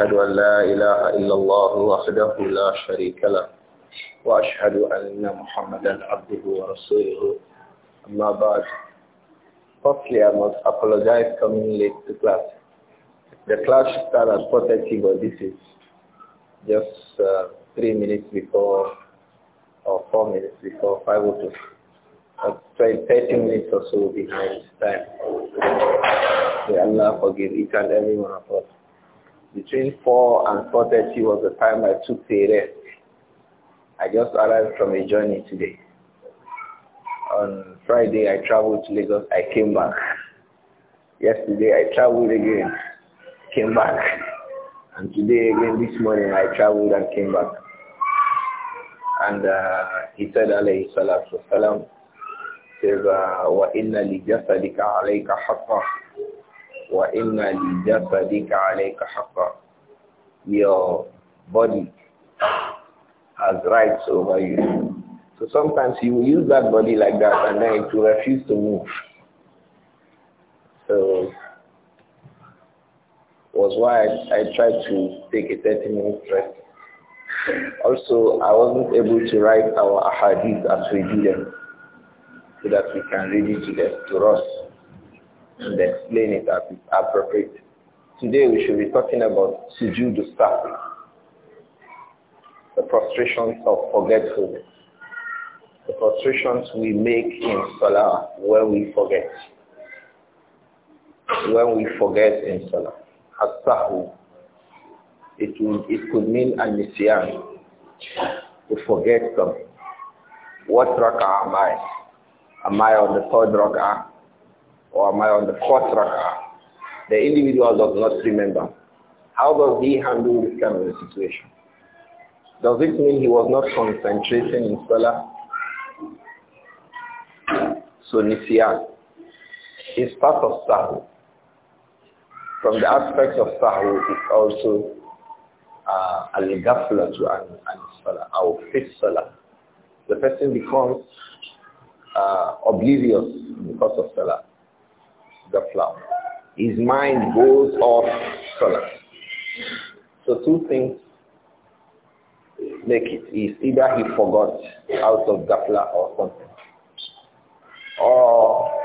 وأشهد أن لا إله إلا الله وحده لا شريك له وأشهد أن محمدا عبده ورسوله أما بعد Firstly, I must apologize coming late to class. The class started at 4.30, but this is just uh, three minutes before or four minutes before 5 o'clock. I'll 30 minutes or so behind time. May Allah forgive each and every one of us. Between 4 and 4.30 was the time I took the rest. I just arrived from a journey today. On Friday, I traveled to Lagos. I came back. Yesterday, I traveled again, came back. And today again, this morning, I traveled and came back. And uh, he said, alayhi salatu wasalam, says, وَإِنَّ لِجَسَدِكَ عَلَيْكَ حَقًّا وَإِنَّ لِجَسَدِكَ عَلَيْكَ حَقًّا Your body has rights over you. So sometimes you use that body like that and then it will refuse to move. So was why I, I tried to take a 30 minute rest. Also, I wasn't able to write our hadith as we did them so that we can read it to, to us and explain it as it's appropriate. Today we should be talking about sujood sahwi, the prostrations of forgetfulness, the prostrations we make in salah when we forget, when we forget in salah. As-sahwu, it, will, it could mean an-nisyan, to forget something. What rak'ah am I? Am I on the third rak'ah? Or am I on the fourth rak'ah? The individual does not remember. How does he handle this kind of a situation? Does it mean he was not concentrating in Salah? So Nisyan is part of Sahu. From the aspects of Sahu it also uh, Al-Ghafla to salah our fifth Salah. The person becomes uh, oblivious because of Salah the flower. His mind goes off Salah. So two things make it is either he forgot out of Gafla or something. Or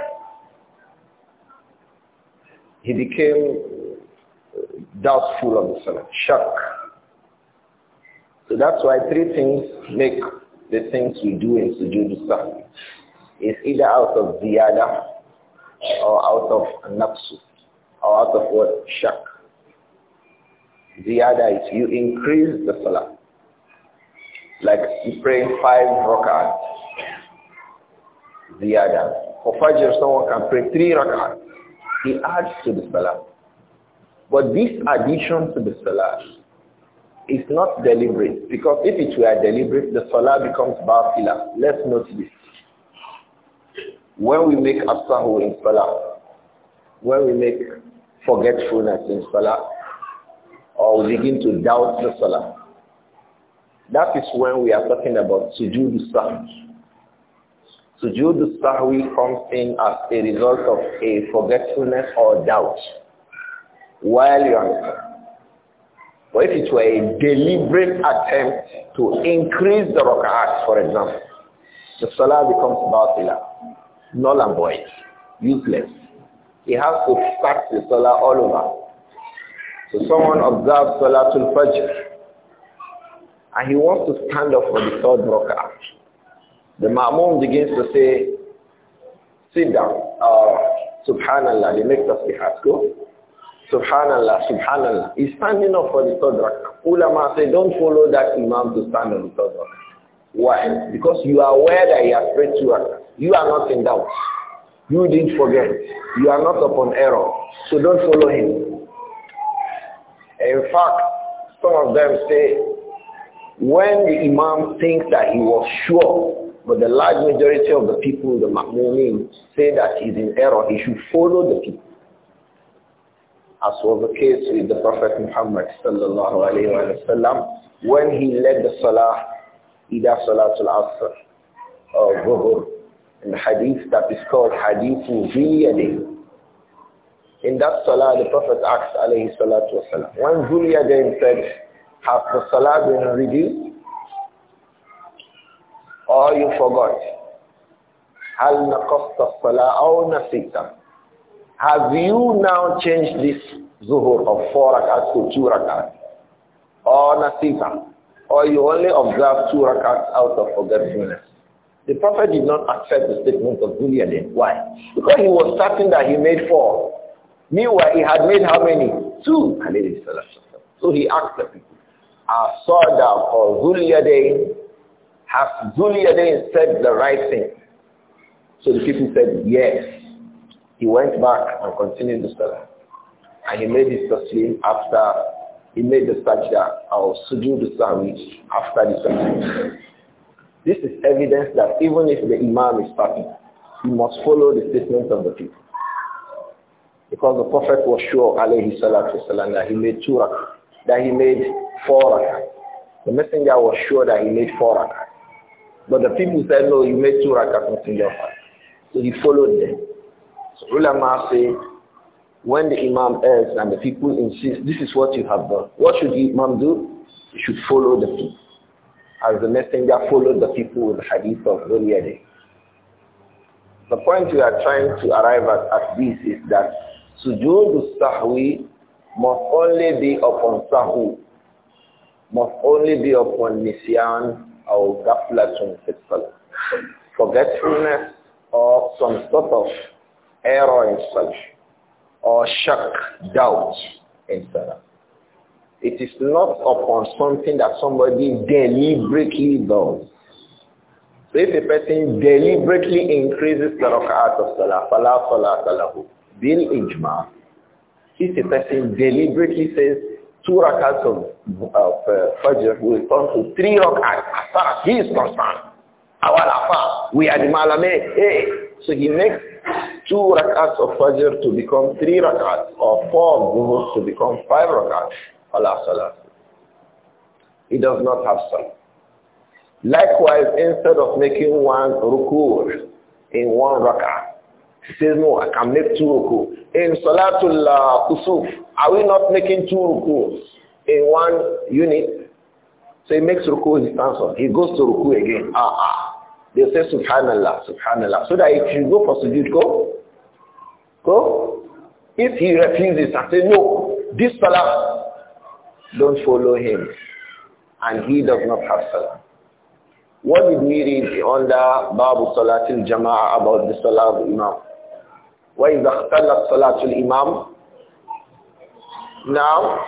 he became doubtful of the Salah, shock. So that's why three things make the things we do in sujood is either out of other or out of nafsu or out of what? Shak. Ziyada is you increase the salah. Like you pray five The Ziyada. For Fajr, someone can pray three rak'ahs. He adds to the salah. But this addition to the salah is not deliberate because if it were deliberate, the salah becomes batila. Let's note this. When we make asahu in salah, when we make forgetfulness in salah, or we begin to doubt the salah, that is when we are talking about sujood sahwi. Sujood sahwi comes in as a result of a forgetfulness or doubt while you are But if it were a deliberate attempt to increase the rak'at, for example, the salah becomes batila null and void, useless. He has to start the solar all over. So someone observes solar to Fajr and he wants to stand up for the third rocker. The ma'mum begins to say, sit down, uh, subhanallah, he makes us be go. Subhanallah, subhanallah. He's standing up for the third rak'ah. Ulama say, don't follow that imam to stand on the third rak'ah. Why? Because you are aware that he has prayed two rak'ah. You are not in doubt. You didn't forget. You are not upon error. So don't follow him. In fact, some of them say, when the imam thinks that he was sure, but the large majority of the people, the mu'min, say that he's in error, he should follow the people. As was the case with the Prophet Muhammad sallallahu alayhi wa sallam, when he led the salah, either salatul asr or zuhur, in the hadith that is called Hadith Zuliyadeh. In that salah, the Prophet asked, alayhi salatu wasalam, when Zuliyadeh said, has the salah been reduced? Or you forgot? Hal naqasta salah aw nasita? Have you now changed this zuhur of four rakats to two rakats? Or nasita? Or you only observe two rakats out of forgetfulness? The Prophet did not accept the statement of Bunyadin. Why? Because he was certain that he made four. Meanwhile, he had made how many? Two. So he asked the people, Asada for Zuliyaday, has Zuliyaday said the right thing? So the people said, yes. He went back and continued the salah. And he made his taslim after, he made the sajda, or sujood the sandwich after the sajda. This is evidence that even if the Imam is talking, he must follow the statements of the people. Because the Prophet was sure, alayhi salatu wasalam, that he made two rak'ah, that he made four rak'ah. The messenger was sure that he made four rak'ah. But the people said, no, you made two rak'ah, messenger of So he followed them. So ulama say, when the imam errs and the people insist, this is what you have done. What should the imam do? He should follow the people as the messenger followed the people with the hadith of earlier The point we are trying to arrive at, at this is that sujood sahwi must only be upon sahu, must only be upon nisyan or gaflatun fitfala, forgetfulness or some sort of error in such, or shock, doubt in salah. It is not upon something that somebody deliberately does. So if a person deliberately increases the rak'at of salah, fala salah salahu, bil ijma, if a person deliberately says two rakat of, of uh, fajr will turn to three rakat as far as he is concerned. Awal afa, we are the malame, hey. Eh? So he makes two rakat of fajr to become three rakat, or four zuhur to become five rakat. Fala He does not have salah. Likewise, instead of making one ruku in one raka, he says, no, I can make two ruku In Salatul uh, Kusuf, are we not making two rukus in one unit? So he makes ruku his answer. He goes to ruku again. Ah, ah. They say, subhanallah, subhanallah. So that if you go for sujood, go. Go. If he refuses and says, no, this salah don't follow him. And he does not have salah. What did we read under Babu Salatul Jama'ah about the Salah of Imam? وَإِذَا Salah صَلَاةُ Imam? Now,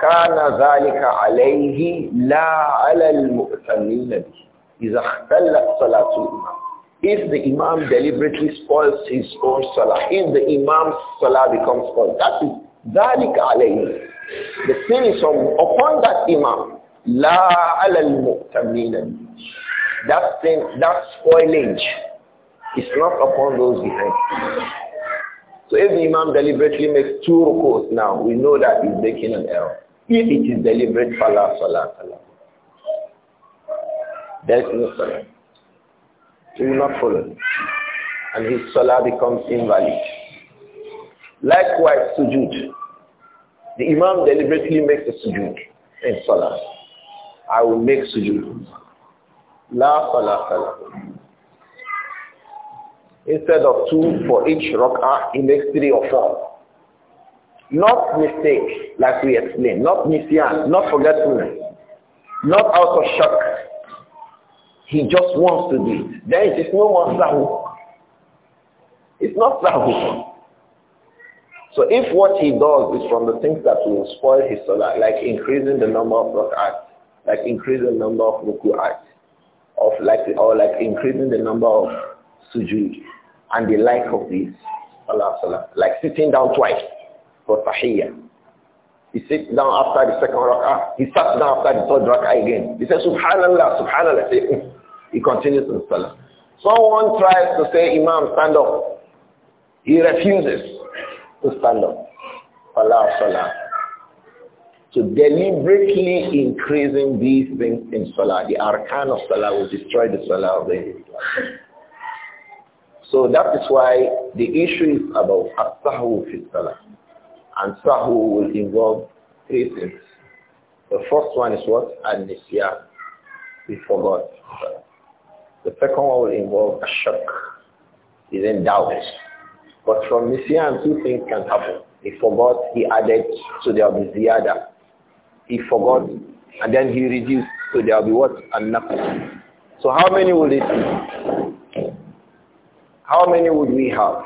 كَانَ ذَلِكَ عَلَيْهِ لَا عَلَى الْمُؤْتَمِينَ بِهِ إِذَا اخْتَلَتْ صَلَاةُ الْإِمَامِ If the Imam deliberately spoils his own Salah, if the Imam's Salah becomes spoiled, that is ذَلِكَ عَلَيْهِ the sin is um, upon that imam. La alal mu'tamina. That thing, that spoilage is not upon those behind. So if the imam deliberately makes two rukus now, we know that he's making an error. If it is deliberate, salah, salah, salah. There's no salah. He will not follow. And his salah becomes invalid. Likewise, sujood. The imam deliberately makes a sujood in salah. I will make sujood. La salah salah. Instead of two for each rak'ah, he makes three or four. Not mistake, like we explained. Not nisyan, not forgetfulness. Not out of shock. He just wants to do it. Then it is no more sahu. It's not sahu. So if what he does is from the things that will spoil his salah, like increasing the number of rak'at, like increasing the number of ruku'at, of like, or like increasing the number of sujood, and the like of this, Allah, salah, like sitting down twice for tahiyyah. He sits down after the second rak'ah. He sat down after the third rak'ah again. He says, subhanallah, subhanallah. He continues in salah. Someone tries to say, Imam, stand up. He refuses to stand up. Allah, Salah. So deliberately increasing these things in Salah, the arkan of Salah will destroy the Salah of the individual. So that is why the issue is about as-sahu fi Salah. And sahu will involve three things. The first one is what? an We forgot. The second one will involve a shock, is in doubt but from year, two things can happen. He forgot, he added, to the abiziyada. He forgot, and then he reduced, to the will what? And nothing. So how many will it be? How many would we have?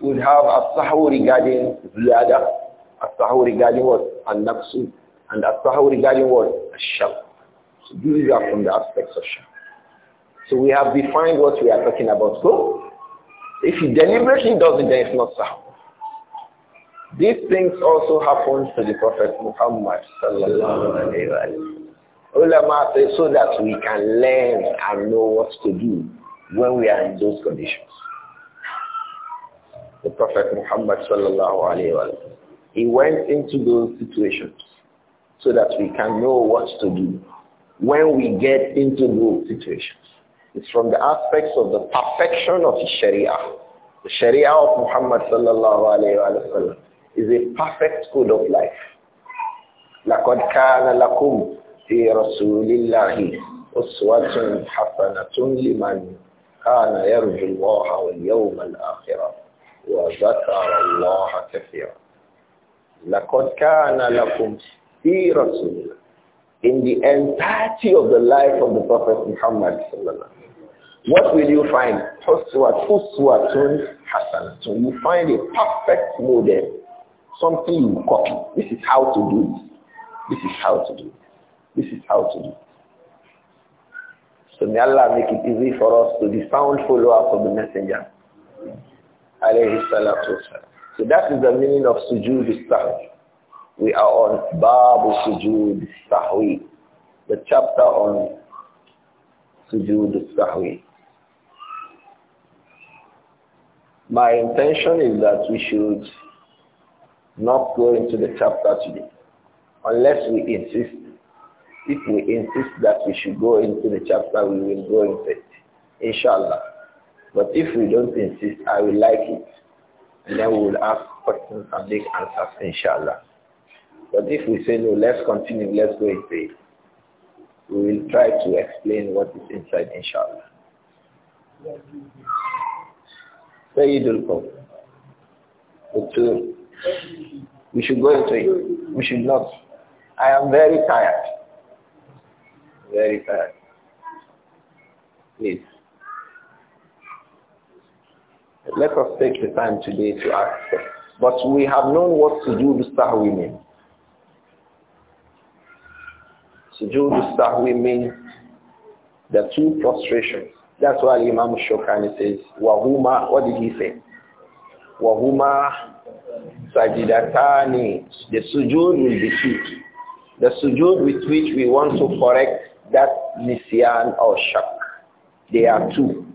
We'd have a sahu regarding ziyada, a sahu regarding what? and naqsu and a sahu regarding what? a shell. So these are from the aspects of shell. So we have defined what we are talking about. So if he deliberately does it, then it's not sound. These things also happened to the Prophet Muhammad sallallahu alayhi Ulama say so that we can learn and know what to do when we are in those conditions. The Prophet Muhammad sallallahu alayhi wa he went into those situations so that we can know what to do when we get into those situations is from the aspects of the perfection of the Sharia. The Sharia of Muhammad sallallahu alayhi wa sallam is a perfect code of life. لَقَدْ كَانَ لَكُمْ فِي رَسُولِ اللَّهِ أُسْوَةٌ حَسَنَةٌ لِمَنْ كَانَ يَرْجُو اللَّهَ وَالْيَوْمَ الْآخِرَ وَذَكَرَ اللَّهَ كَثِيرًا لَقَدْ كَانَ لَكُمْ فِي رَسُولِ اللَّهِ In the entirety of the life of the Prophet Muhammad sallallahu what will you find? Huswat, huswatun, So You find a perfect model, something you copy. This is how to do it. This is how to do it. This is how to do it. So may Allah make it easy for us to be sound followers of the Messenger. So that is the meaning of sujud sahwi. We are on Babu sujud sahwi, the chapter on sujud sahwi. My intention is that we should not go into the chapter today, unless we insist. If we insist that we should go into the chapter, we will go into it, inshallah. But if we don't insist, I will like it. And then we will ask questions and make answers, inshallah. But if we say, no, let's continue, let's go into it, we will try to explain what is inside, inshallah. Sayyidul Qawm. Uh, we should go into it. We should not. I am very tired. Very tired. Please. Let us take the time today to ask. But we have known what sujood sahwi means. Sujood sahwi means the two prostrations that's why Imam Shokani says, Wahuma, what did he say? Wahuma sajidatani. The sujood will be two. The sujood with which we want to correct that nisyan or shak. They are two.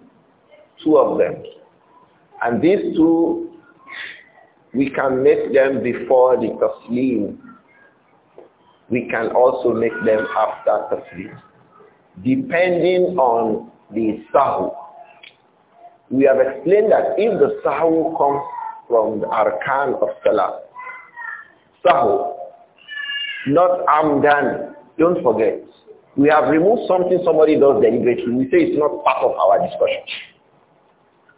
Two of them. And these two, we can make them before the taslim. We can also make them after taslim. Depending on the sahu. We have explained that if the sahu comes from the arkan of salah, sahu, not amdan, don't forget. We have removed something somebody does deliberately. We say it's not part of our discussion.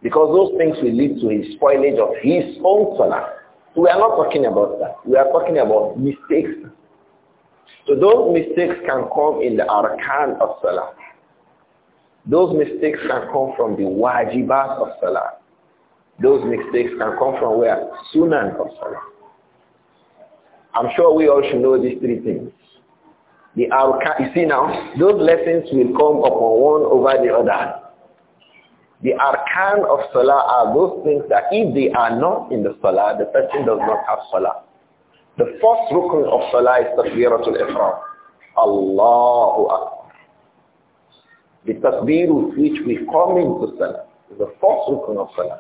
Because those things will lead to a spoilage of his own salah. We are not talking about that. We are talking about mistakes. So those mistakes can come in the arkan of salah. Those mistakes can come from the wajibat of salah. Those mistakes can come from where? Sunan of salah. I'm sure we all should know these three things. The arkan, you see now, those lessons will come upon one over the other. The arkan of salah are those things that if they are not in the salah, the person does not have salah. The first rukun of salah is al ihram. Allahu Akbar. The tasbih with which we come into salah is the first rukun of salah.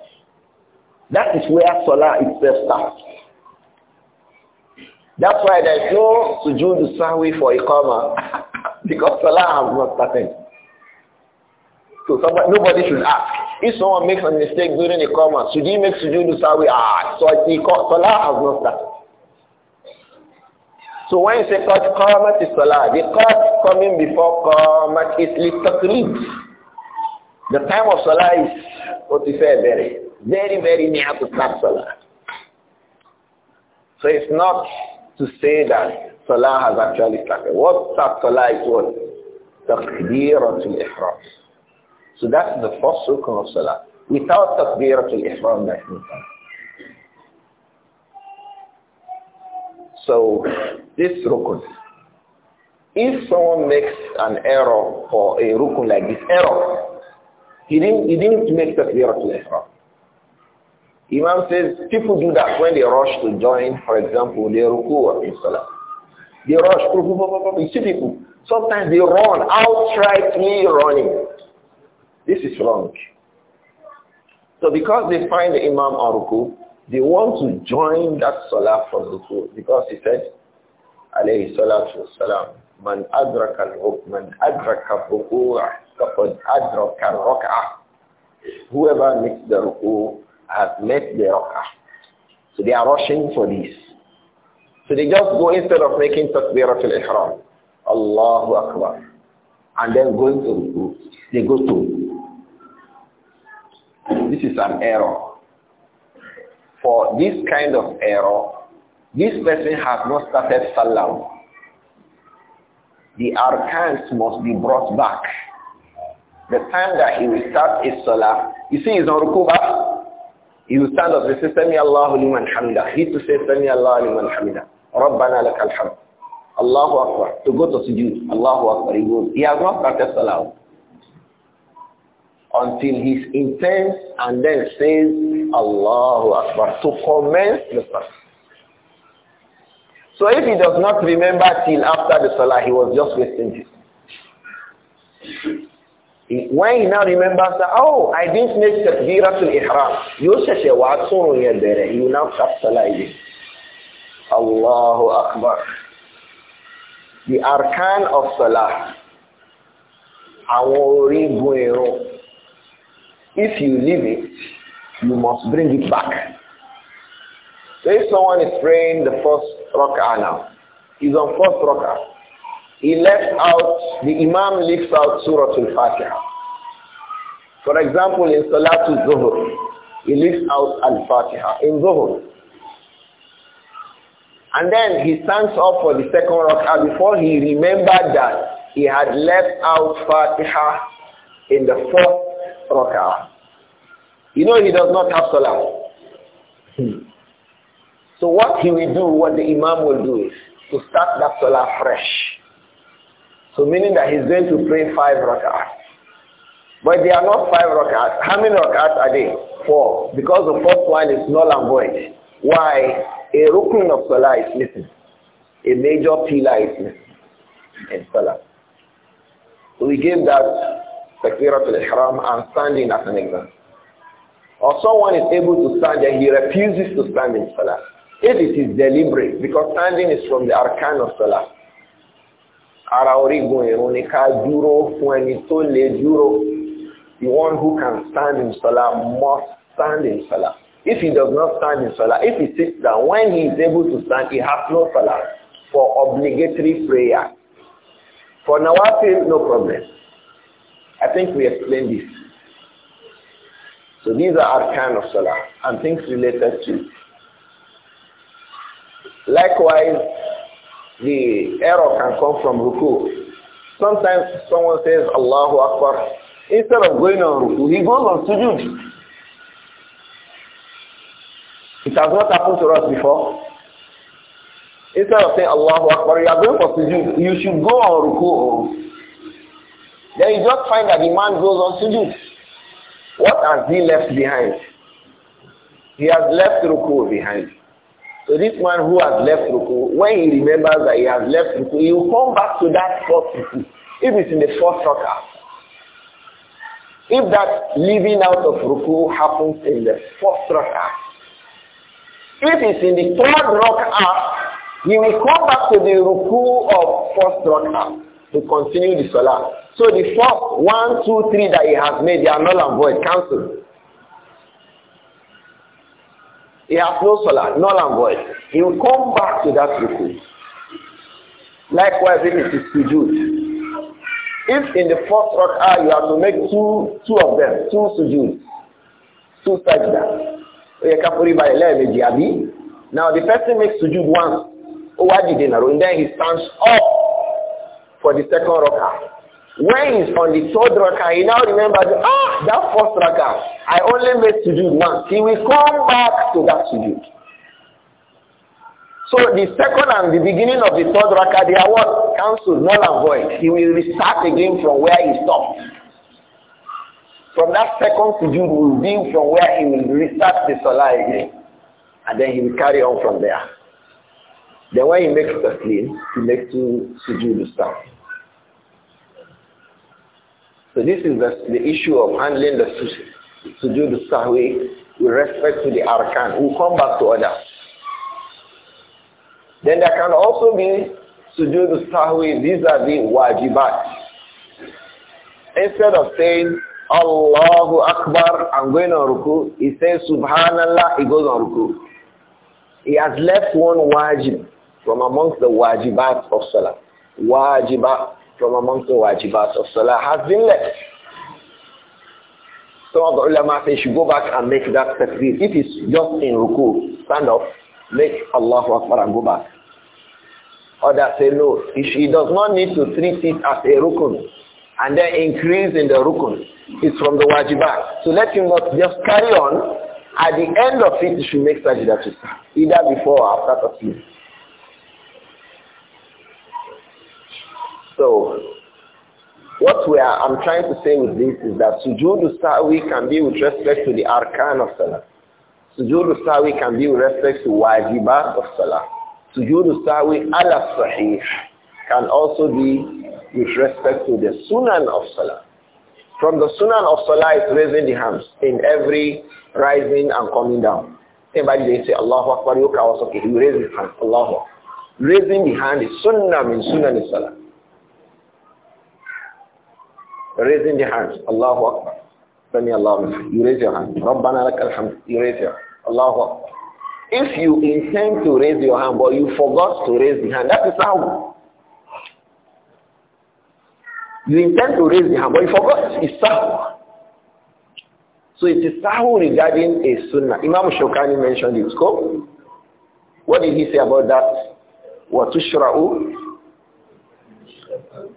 That is where salah itself starts. That's why there's no sujood sahwi for iqamah because salah has not started. So somebody, nobody should ask. If someone makes a mistake during the comma, should he make sujood sawi? Ah, so the salah has not started. So when you say qad qamat is salah, the qad coming before Qamat is litaqrib. The time of Salah is what we say very, very, very near to start Salah. So it's not to say that Salah has actually started. What start Salah is what? Takbiratul Ihram. So that's the first rukun of Salah. Without Takbiratul Ihram, that's not So this rukun, if someone makes an error for a rukun like this error, he didn't, he didn't make takbiratul ihram. Imam says people do that when they rush to join, for example, the ruku in salah. They rush, you see people, sometimes they run, outrightly running. This is wrong. So because they find the Imam on ruku, they want to join that salah from ruku because he said, alayhi salatu salam, من أدرك من أدرك الركوع فقد أدرك الركعة whoever makes the ruku has met the rak'ah so they are rushing for this so they just go instead of making takbirat al-ihram Allahu Akbar and then going to ruku they go to this is an error for this kind of error this person has not started salam the arkans must be brought back. The time that he will start his salah, you see he's on rukuba, he will stand up and say, Sami Allahu liman hamida. He to say, Sami Allahu liman hamida. Rabbana lakal hamd. Allahu Akbar. To go to sujood, Allahu Akbar. He goes, he has not started salah until he's intense and then says, Allahu Akbar. To commence the salah. So if he does not remember till after the salah, he was just wasting it. when he now remembers that, oh, I didn't make takbiratul ihram, yoshe wa atsunu yadere, you now start salah again. Allahu Akbar. The arkan of salah, if you leave it, you must bring it back. So if someone is praying the first rak'ah now, he's on first rak'ah. He left out, the imam leaves out Surah Al-Fatiha. For example, in Salatul Zuhur, he leaves out Al-Fatiha in Zuhur. And then he stands up for the second rak'ah before he remembered that he had left out Fatiha in the first rak'ah. You know he does not have salah. So what he will do, what the imam will do is to start that salah fresh. So meaning that he's going to pray five rak'ahs. But they are not five rak'ahs. How many rak'ahs are they? Four. Because the first one is null and void. Why? A rukun of salah is missing. A major pillar is missing in salah. So we give that takbiratul ihram and standing as an example. Or someone is able to stand and he refuses to stand in salah. If it is deliberate, because standing is from the arkan of Salah. Ara origun irun ni dúró lè dúró. The one who can stand in Salah must stand in Salah. If he does not stand in Salah, if he sits down, when he is able to stand, he has no Salah for obligatory prayer. For Nawafil, no problem. I think we explained this. So these are arkan of Salah and things related to Likewise, the error can come from ruku. Sometimes someone says Allahu Akbar. Instead of going on ruku, he goes on sujood. It has not happened to us before. Instead of saying Allahu Akbar, you are going for sujood. You should go on ruku. Then you just find that the man goes on sujood. What has he left behind? He has left ruku behind. So this man who has left Ruku, when he remembers that he has left Ruku, he will come back to that fourth Ruku. If it's in the fourth Rakah. If that leaving out of Ruku happens in the fourth Rakah. If it's in the third Rakah, he will come back to the Ruku of fourth Rakah to continue the Salah. So the fourth, one, two, three that he has made, they are null and void, cancelled. He has no salah, null and void. He will come back to that ruku. Likewise, if it is sujood, if in the first rak'ah you have to make two, two of them, two sujood, two sajda, now the person makes sujood once, And then he stands up for the second rak'ah. When he's on the third rakah, he now remembers, ah, that first rakah, I only made do once. He will come back to that sujud. So the second and the beginning of the third rakah, they are what? Cancelled, null and void. He will restart again from where he stopped. From that second sujood will be from where he will restart the salah again. And then he will carry on from there. Then when he makes the clean, he makes two sujood sound. So this is the, the issue of handling the sujood sahwi with respect to the arkan. We'll come back to others. Then there can also be sujood sahwi vis-a-vis wajibat. Instead of saying Allahu Akbar, I'm going on ruku, he says Subhanallah, he goes on ruku. He has left one wajib from amongst the wajibat of salah. Wajibat from among the wajibat of salah has been left. Some of the ulama say you should go back and make that takbir. If it's just in ruku, stand up, make Allahu Akbar and go back. Others say no, he does not need to treat it as a rukun and then increase in the rukun. It's from the wajibat. So let him not just carry on. At the end of it, you should make sajda to start, either before or after taslim. So what we are, I'm trying to say with this is that sujood sawi can be with respect to the arkan of salah. Sujood sawi can be with respect to wajibat of salah. Sujood sawi ala sahih can also be with respect to the sunan of salah. From the sunan of salah is raising the hands in every rising and coming down. Everybody they say Allahu Akbar, you can also okay, he his hand, Allahu Raising the hand is sunnah in sunan is salah. Raising the hands. Allahu Akbar. Sami Allahu You raise your hand. Rabbana lak alhamd. You raise your hand. Allahu Akbar. If you intend to raise your hand but you forgot to raise the hand, that is how. You intend to raise the hand but you forgot. It's sahw. So it is sahu regarding a sunnah. Imam Shokani mentioned it. Go. What did he say about that? وَتُشْرَعُ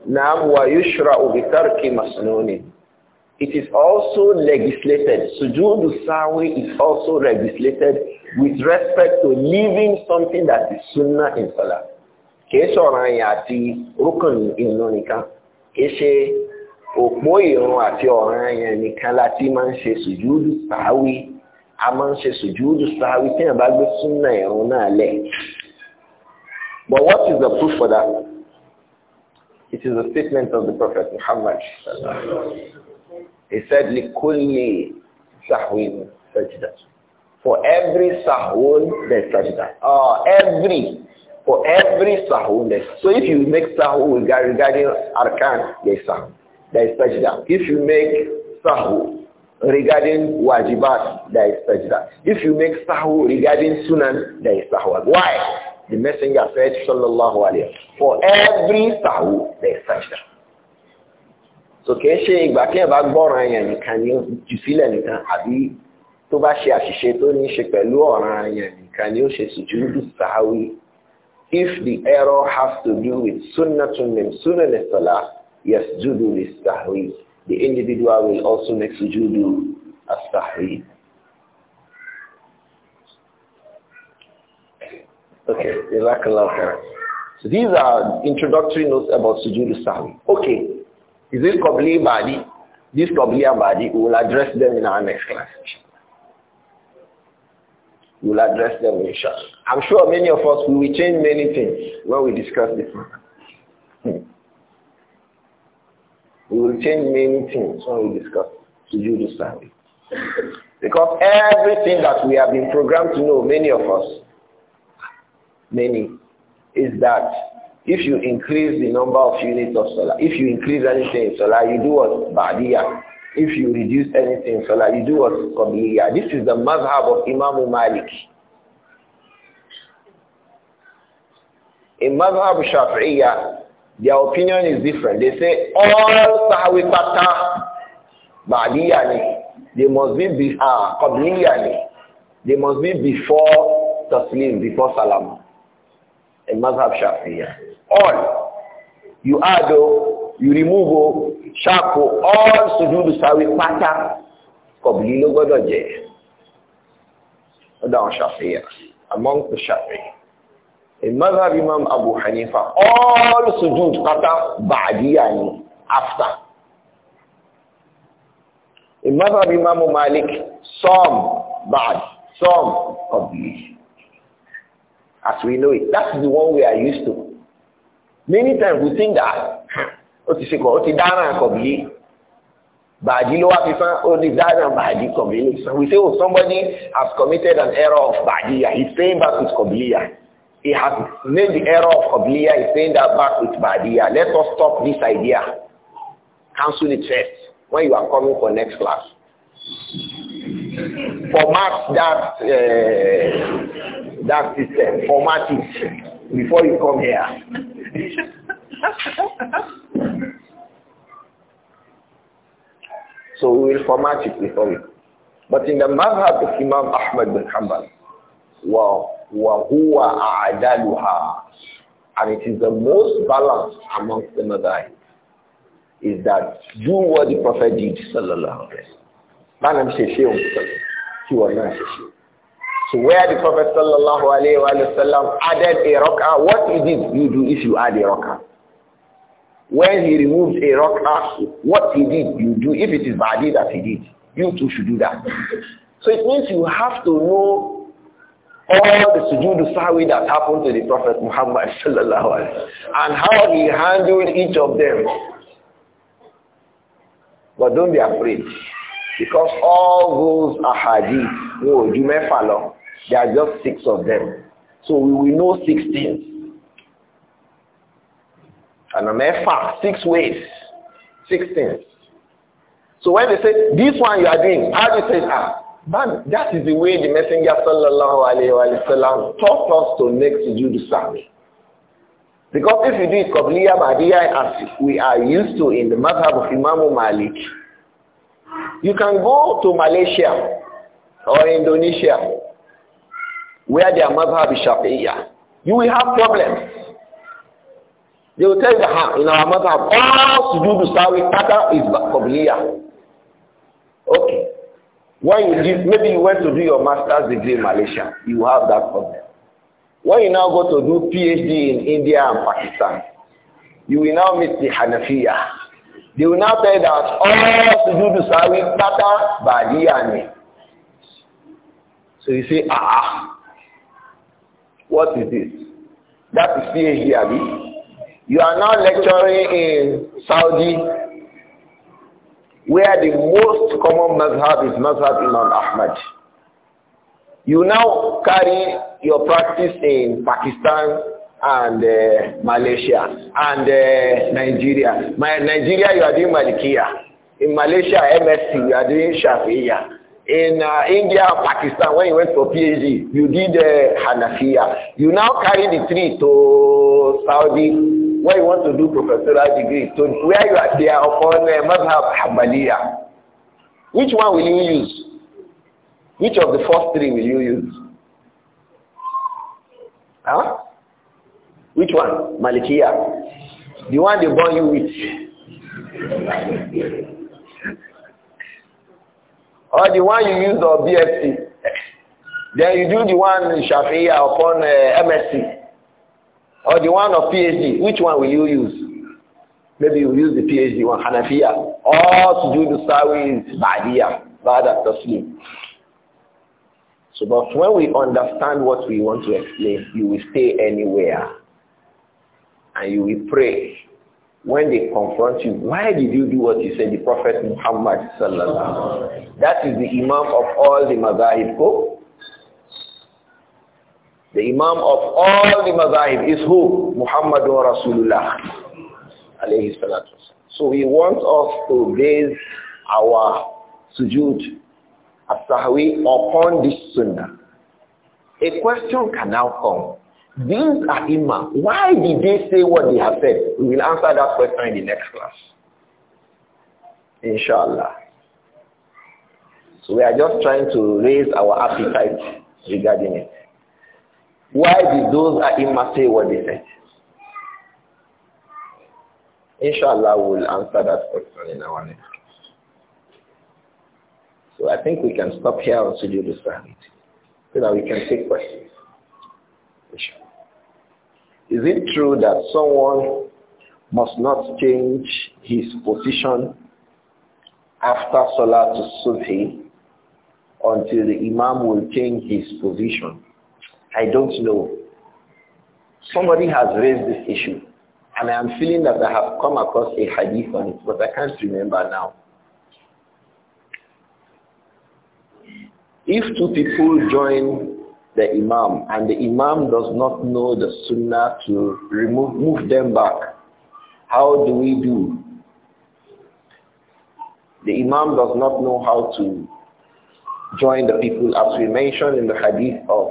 Naam wa yushra'u bi tarki masnunin. It is also legislated. Sujood sawi is also legislated with respect to leaving something that is sunnah in salah. Kìí ṣọ̀ràn yẹn àti rúkàn ìrun nìkan. Kìí ṣe òpó ìrun àti ọ̀ràn yẹn nìkan láti máa ń ṣe sujood sawi. A máa ń ṣe sujood sawi tí yẹn bá gbé sunnah ìrun náà lẹ̀. But what is the proof for that? It is a statement of the Prophet Muhammad. He said, لِكُلِّ سَحْوٍ سَجْدَةٌ For every sahun, there's sajda. Ah, every. For every sahun, there's. So if you make sahun regarding arkan, there's sahun. There's sajda. If you make sahun regarding wajibat, there is sajda. If you make sahun regarding sunan, there is sahwan. Why? The messenger said, sallallahu alayhi for every sahu, there is sajda. So kìí she ìgbà kí back born gbọ́ràn yẹn nìkan ni jù sílẹ̀ nìkan àbí tó bá ṣe àṣìṣe tó ní ṣe pẹ̀lú ọ̀ràn yẹn nìkan ni ó yen can sùjúdù sàáwí. If the error has to do with sunnatun min sunnah salah, yes, judu is sahwi. The individual will also make sujudu as sahwi. Okay, Jazakallah khair. So these are introductory notes about sujood sahwi. Okay, is it Qabli Badi? This Qabli Badi, we will address them in our next class. We will address them inshallah. I'm sure many of us, we will change many things when we discuss this matter. Hmm. We will change many things when we discuss sujood sahwi. Because everything that we have been programmed to know, many of us, many is that if you increase the number of units of solar, if you increase anything in solar, you do what? Badia. If you reduce anything in solar, you do what? Qabliyah. This is the mazhab of Imam Malik. In mazhab Shafi'iyah, their opinion is different. They say all sahwi pata ba'diyani. They must be before, uh, ah, They must be before taslim, before salam in Mazhab Shafi'iyah. All. You add, oh, you remove, oh, sharp, oh, all sujudu sawi pata, kọ̀bìlì ló gbọ́dọ̀ jẹ́. Ó dáhùn Shafi'iyah, among the Shafi'i. In Mazhab Imam Abu Hanifa, all sujood kata ba'diyah ni, after. In Mazhab Imam Malik, some ba'd, some kọ̀bìlì as we know it. That's the one we are used to. Many times we think that, ó ti ṣe kọ̀, ó ti dáràn kọ̀bílé. Bàjí ló wá fi fán, ó ti dáràn bàjí kọ̀bílé. We say, oh, somebody has committed an error of bàjíyà. He's saying back with kọ̀bílíyà. He has made the error of kọ̀bílíyà. He's saying that back with bàjíyà. Let us stop this idea. Cancel the test when you are coming for next class. for Format that uh, that system, format it before you come here. so we will format it before you. But in the madhab of Imam Ahmad bin Hanbal, وَهُوَ أَعْدَلُهَا And it is the most balanced amongst the madhab is that do what the Prophet did, sallallahu alayhi wa sallam. Man, I'm she was where the Prophet sallallahu alayhi wa added a rock, what is it you do if you add a rock? When he removed a rock, what he did you do if it is badi that he did? You too should do that. So it means you have to know all the sujood sahwi that happened to the Prophet Muhammad sallallahu alayhi and how he handled each of them. But don't be afraid because all those ahadith, wo you may follow. There are just six of them. So we will know six things. And I'm effort, six ways, six things. So when they say, this one you are doing, how do you say, ah, man, that is the way the messenger sallallahu alayhi wa sallam taught us to make the sahwi. Because if you do it qabliya, badiya, as we are used to in the madhab of Imam Malik, you can go to Malaysia or Indonesia where their madhab is Shafi'iyah, you will have problems. They will tell you that in our madhab, all sujood with Tata is qabliyah. Okay. When you did, maybe you went to do your master's degree in Malaysia, you have that problem. When you now go to do PhD in India and Pakistan, you will now meet the Hanafiya. They will now tell that all sujood sawi Tata badiyani. So you say, ah, ah. What is this? That is PhD, Abi. You are now lecturing in Saudi, where the most common mazhab is mazhab Imam Ahmad. You now carry your practice in Pakistan and uh, Malaysia and uh, Nigeria. My, Nigeria, you are doing Malikiya. In Malaysia, MSc, you are doing Shafi'iyah in uh, India, Pakistan, when you went for PhD, you did uh, Hanafiya. You now carry the tree to Saudi, where you want to do professorial degree, to where you are there upon uh, Madhab Hanbaliya. Which one will you use? Which of the first three will you use? Huh? Which one? Malikiya. The one they born you with or the one you use of BSc. Then you do the one Shafi'iyah upon uh, MSc or the one of PhD. Which one will you use? Maybe you use the PhD one, Hanafiya, or to do the Sawi is Ba'diya, Ba'da Taslim. So, but when we understand what we want to explain, you will stay anywhere and you will pray when they confront you, why did you do what you said, the Prophet Muhammad sallallahu That is the imam of all the mazahib Who? The imam of all the mazahib is who? Muhammad Rasulullah alayhi salatu So he wants us to base our sujood as-sahwi upon this sunnah. A question can now come. These are imam. Why did they say what they have said? We will answer that question in the next class. Inshallah. So we are just trying to raise our appetite regarding it. Why did those imams say what they said? Inshallah, we will answer that question in our next class. So I think we can stop here on this Sahih so that we can take questions. Inshallah. Is it true that someone must not change his position after Salah to Sufi until the Imam will change his position? I don't know. Somebody has raised this issue and I am feeling that I have come across a hadith on it, but I can't remember now. If two people join the imam and the imam does not know the sunnah to remove move them back how do we do the imam does not know how to join the people as we mentioned in the hadith of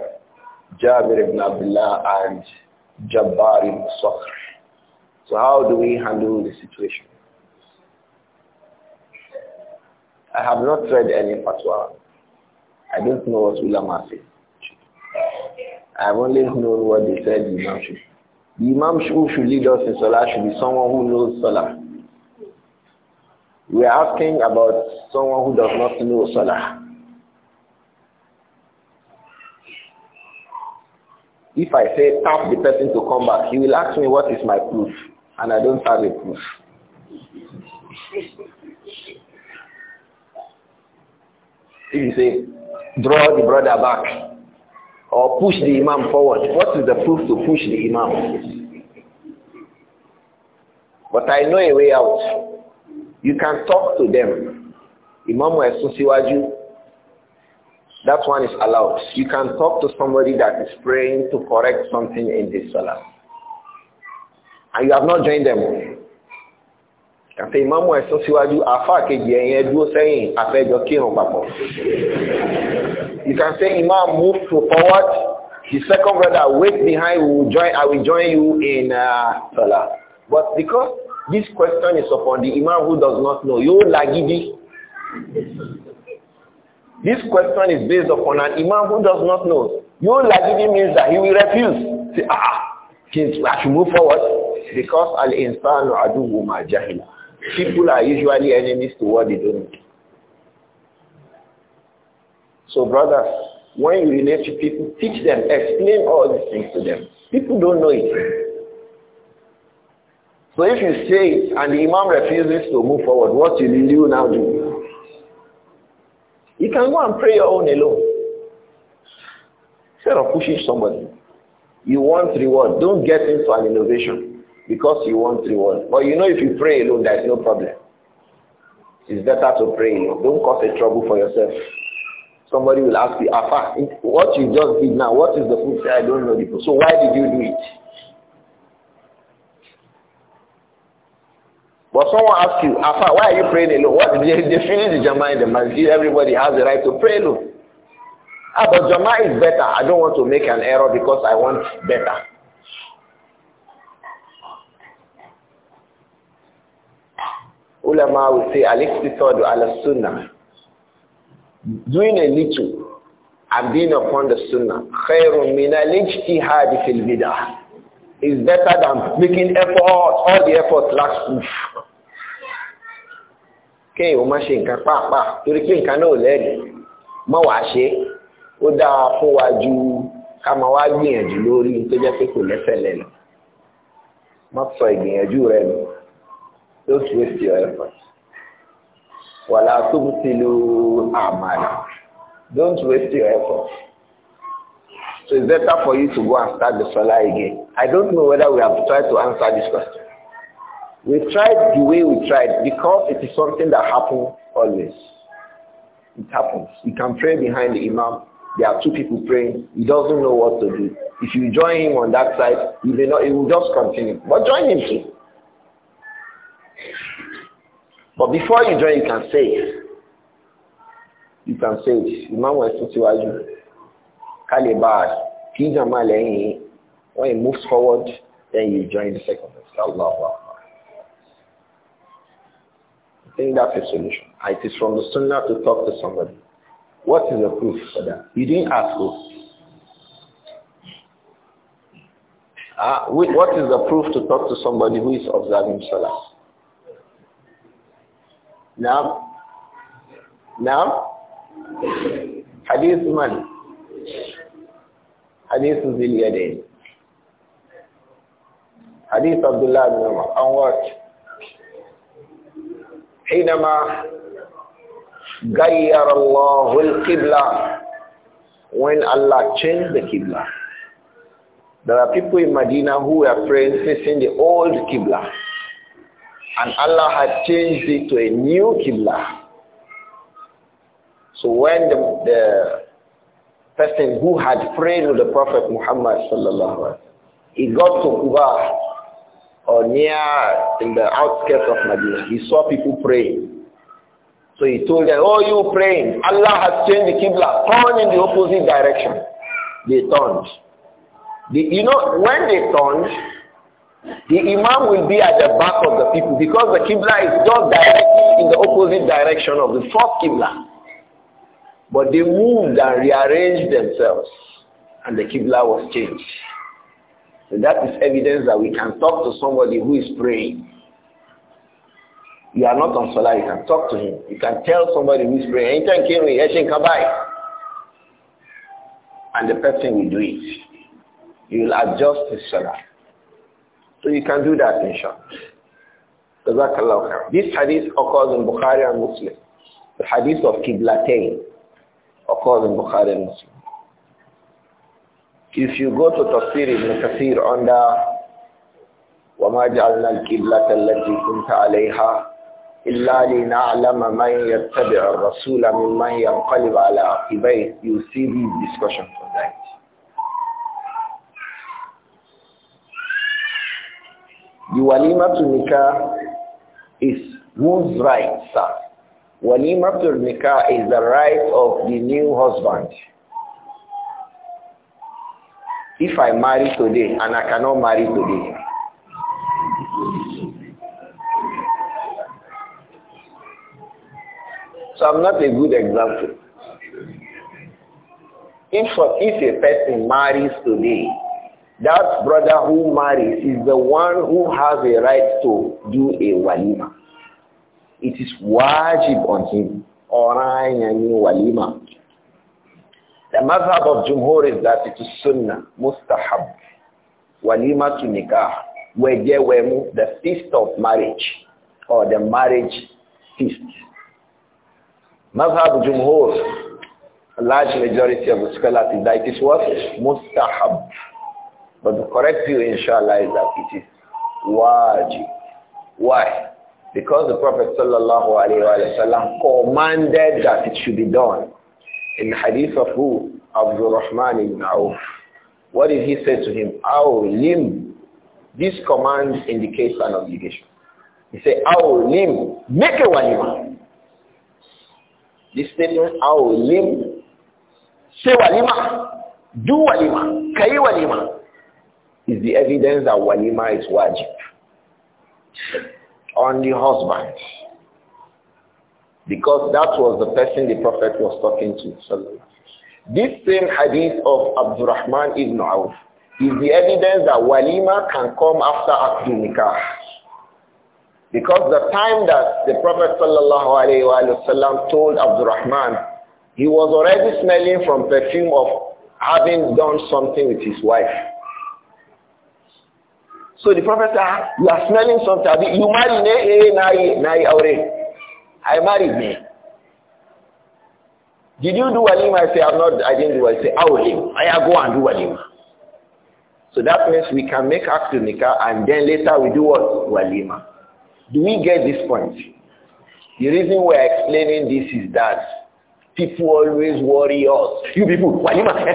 Jabir ibn Abdullah and Jabbar ibn Sakhr so how do we handle the situation I have not read any fatwa I don't know what ulama says I've only known what they said the Imam should. The Imam who should lead us in Salah should be someone who knows Salah. We are asking about someone who does not know Salah. If I say tap the person to come back, he will ask me what is my proof, and I don't have a proof. If you say draw the brother back, or push the imam forward. What is the proof to push the imam? But I know a way out. You can talk to them. Imam Siwaju, that one is allowed. You can talk to somebody that is praying to correct something in this salah. And you have not joined them. àti ìmáàmù ẹ̀sùn síwájú ke kejì ẹ̀yìn ẹdúró sẹ́yìn àfẹ́jọ kírun papọ̀ you can say, Imam, move to forward. The second brother, wait behind. We will join, I will join you in uh, Salah. But because this question is upon the Imam who does not know, you lagidi. This question is based upon an Imam who does not know. You lagidi means that he will refuse. Say, ah, I should move forward. Because al-insanu Adu People are usually enemies to what they don't know. So brothers, when you relate to people, teach them, explain all these things to them. People don't know it. So if you say it and the imam refuses to move forward, what will you now do? You can go and pray your own alone. Instead of pushing somebody. You want reward. Don't get into an innovation because you want reward. But you know if you pray alone, there's no problem. It's better to pray alone. Don't cause a trouble for yourself. Somebody will ask you, Afa, what you just did now, what is the food? I don't know the food. So why did you do it? But someone asks you, Afa, why are you praying alone? What they, they finish the Jama in the masjid, everybody has the right to pray alone. Ah, but Jama is better. I don't want to make an error because I want better. Ulama will say, Al-Iqtisadu ala sunnah doing a little and being upon the sunnah خير من الاجتهاد في البدع is better than making effort all the effort last proof kéèyàn ó má ṣe nǹkan pàápàá torí pé nǹkan náà ò lẹ́rìí mọ́ wàá ṣe ó dáa fún wa ju ká máa wá gbìyànjú lórí tó jẹ́ pé kò lẹ́sẹ̀lẹ̀ lọ má sọ ìgbìyànjú rẹ nù don't waste your effort. wàlá tìlú àmàlà don't waste your effort so it's better for you to go and start the salah again i don't know whether we have tried to answer this question we tried the way we tried because it is something that happens always it happens you can pray behind the imam there are two people praying he doesn't know what to do if you join him on that side he may not he will just continue but join him too but before you join, you can say it. You can say it. Imam wa ẹ̀sùn síwájú. Kálíbà kí jàmá lẹ́yìn when he moves forward then you join the second person. Allah, I think that's a solution. It is from the sunnah to talk to somebody. What is the proof for that? You didn't ask who. Uh, what is the proof to talk to somebody who is observing Salah? Now, now, hadith man, hadith zil yadain, hadith Abdullah ibn Umar. what? حينما غير الله القبلة when Allah changed the Qibla. There are people in Medina who were praying facing the old Qibla. And Allah had changed it to a new Qibla. So when the, the person who had prayed with the Prophet Muhammad sallallahu he got to Kuba or near in the outskirts of Medina. He saw people praying. So he told them, oh you praying, Allah has changed the Qibla, turn in the opposite direction. They turned. you know, when they turned, the imam will be at the back of the people because the Qibla is just directly in the opposite direction of the first Qibla. But they moved and rearranged themselves and the Qibla was changed. So that is evidence that we can talk to somebody who is praying. You are not on Salah, you can talk to him. You can tell somebody who is praying, anytime came with Kabai. And the person will do it. You will adjust his Salah. So you can do that inshallah. This hadith occurs in Bukhari and Muslim. The hadith of Qiblatain occurs in Bukhari and Muslim. If you go to Tafsir ibn Kathir under وَمَا جَعَلْنَا الْقِبْلَةَ الَّتِي كُنْتَ عَلَيْهَا إِلَّا لِنَعْلَمَ مَنْ يَتَّبِعُ الرَّسُولَ مِمَّنْ يَنْقَلِبُ عَلَى عَقِبَيْهِ You see these discussions from them. The walima to nikah is whose right, sir? Walima to nikah is the right of the new husband. If I marry today and I cannot marry today, so I'm not a good example. If, if a person marries today that brother who marries is the one who has a right to do a walima. It is wajib on him. Orayani walima. The method of Jumhur is that it is sunnah, mustahab. Walima to nikah. Wejewemu, the feast of marriage. Or the marriage feast. of Jumhur, a large majority of the scholars is that it is what? Mustahab. But the correct view, inshallah, is that it is wajib. Why? Because the Prophet sallallahu wasallam commanded that it should be done. In hadith of who? Abdul Rahman ibn Auf. What did he say to him? Awlim. This command indicates an obligation. He said, Awlim. Make a walima. This statement, Awlim. Say walima. Do walima. Kay walima is the evidence that walima is wajib on the husband. Because that was the person the Prophet was talking to. This same hadith of Abdurrahman ibn Auf is the evidence that walima can come after Akdu Nikah. Because the time that the Prophet ﷺ told Abdurrahman, he was already smelling from perfume of having done something with his wife. So the prophet said, ah, you are smelling something. You marry me, eh, nai, eh, nai, eh, eh, aure. I married me. Did you do walima? I say, I'm not, I didn't do walima. I say, ah, aure. I go and do walima. So that means we can make act nikah and then later we do what? Walima. Do we get this point? The reason we're explaining this is that people always worry us. You people, walima, I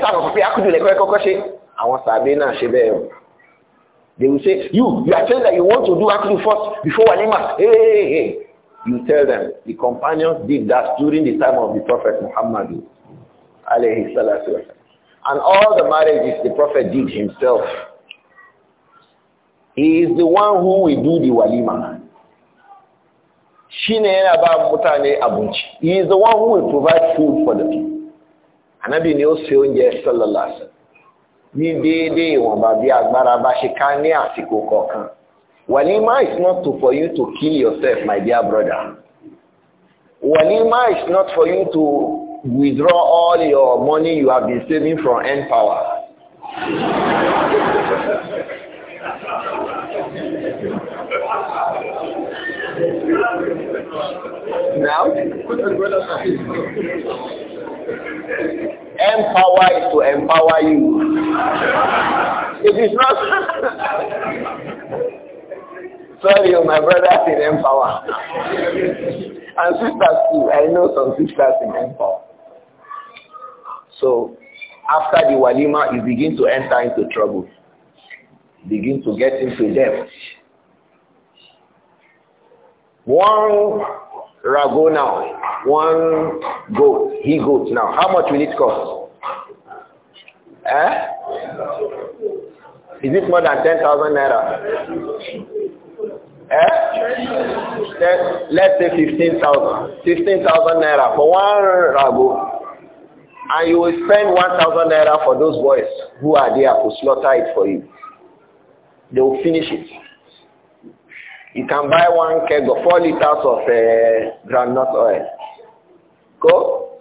ah, want they will say, you, you are saying that you want to do Aklu first before Walima. Hey, hey, hey. You tell them, the companions did that during the time of the Prophet Muhammad. And all the marriages the Prophet did himself. He is the one who will do the Walima. He is the one who will provide food for the people. Anabi ni ó se oúnjẹ sallallahu alaihi wasallam ní déédéé ìwọ̀nba bí agbára bá ṣe ká ní àsìkò kọ̀ọ̀kan walima is not to for you to kill yourself my dear brother walima is not for you to withdraw all your money you have been saving from NPower. now Empower is to empower you. It is not. Sorry, oh, my brothers in empower. and sisters too. I know some sisters in empower. So after the walima, you begin to enter into trouble. Begin to get into debt. One Rago now, one goat, he goat now. How much will it cost? Eh? Is it more than 10,000 naira? Eh? Let, let's say 15,000. 15,000 naira for one rago. And you will spend 1,000 naira for those boys who are there to slaughter it for you. They will finish it. You can buy one keg of four liters of uh, groundnut oil. Go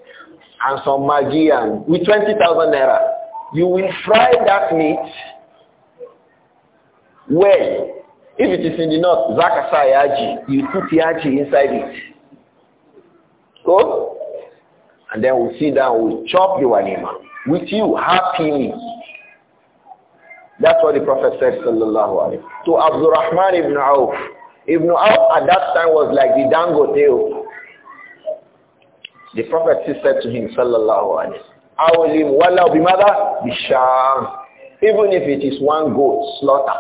and some maggi and with 20,000 naira. You will fry that meat well. If it is in the north, zakasa yaji, you put yaji inside it. Go and then we'll sit down, we'll chop the walima with you happily. That's what the Prophet said, sallallahu alayhi To Rahman ibn Auf, even Auf at that time was like the Dangote. The Prophet said to him, Sallallahu Alaihi Wasallam, wala bimada bisham. Even if it is one goat slaughter.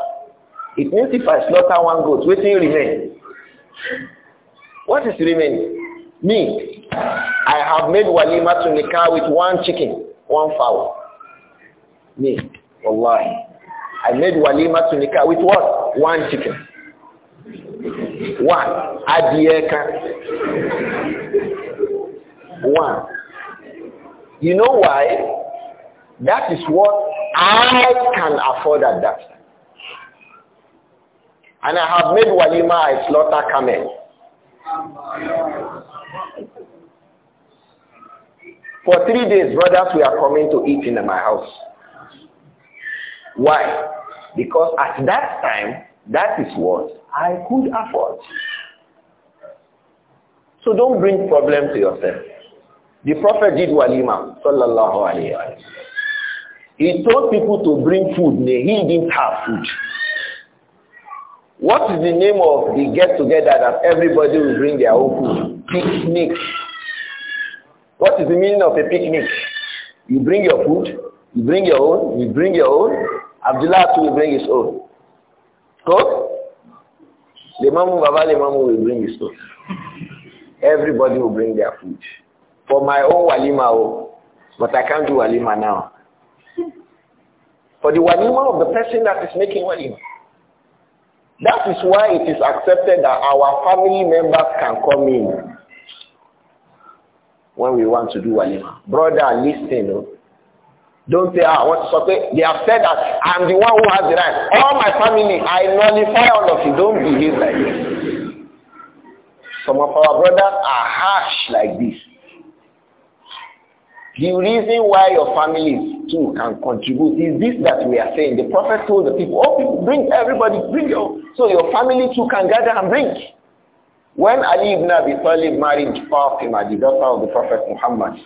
It means if I slaughter one goat, what will remain? What is remaining? Me. I have made walima to nikah with one chicken, one fowl. Me. Allah. I made walima to nikah with what? One chicken. One, Adieka. One. You know why? That is what I can afford at that time. And I have made Walima a slaughter camel. For three days, brothers we are coming to eat in my house. Why? Because at that time, that is what I could afford. So don't bring problem to yourself. The Prophet did walima, sallallahu alayhi wa He told people to bring food, he didn't have food. What is the name of the get-together that everybody will bring their own food? Picnic. What is the meaning of a picnic? You bring your food, you bring your own, you bring your own. Abdullah too will bring his own. So, the Mamu Baba the Mamu will bring the food. Everybody will bring their food. For my own walima, oh, but I can't do walima now. For the walima of the person that is making walima. That is why it is accepted that our family members can come in when we want to do walima. Brother, listen. Oh. Don't say, ah, what so they have said that I'm the one who has the right. All my family, I nullify all of you. Don't behave like this. Some of our brothers are harsh like this. The reason why your families too can contribute is this that we are saying. The prophet told the people, oh people, bring everybody, bring your so your family too can gather and bring. When Ali ibn Abi Talib married Fatima, the daughter of the Prophet Muhammad,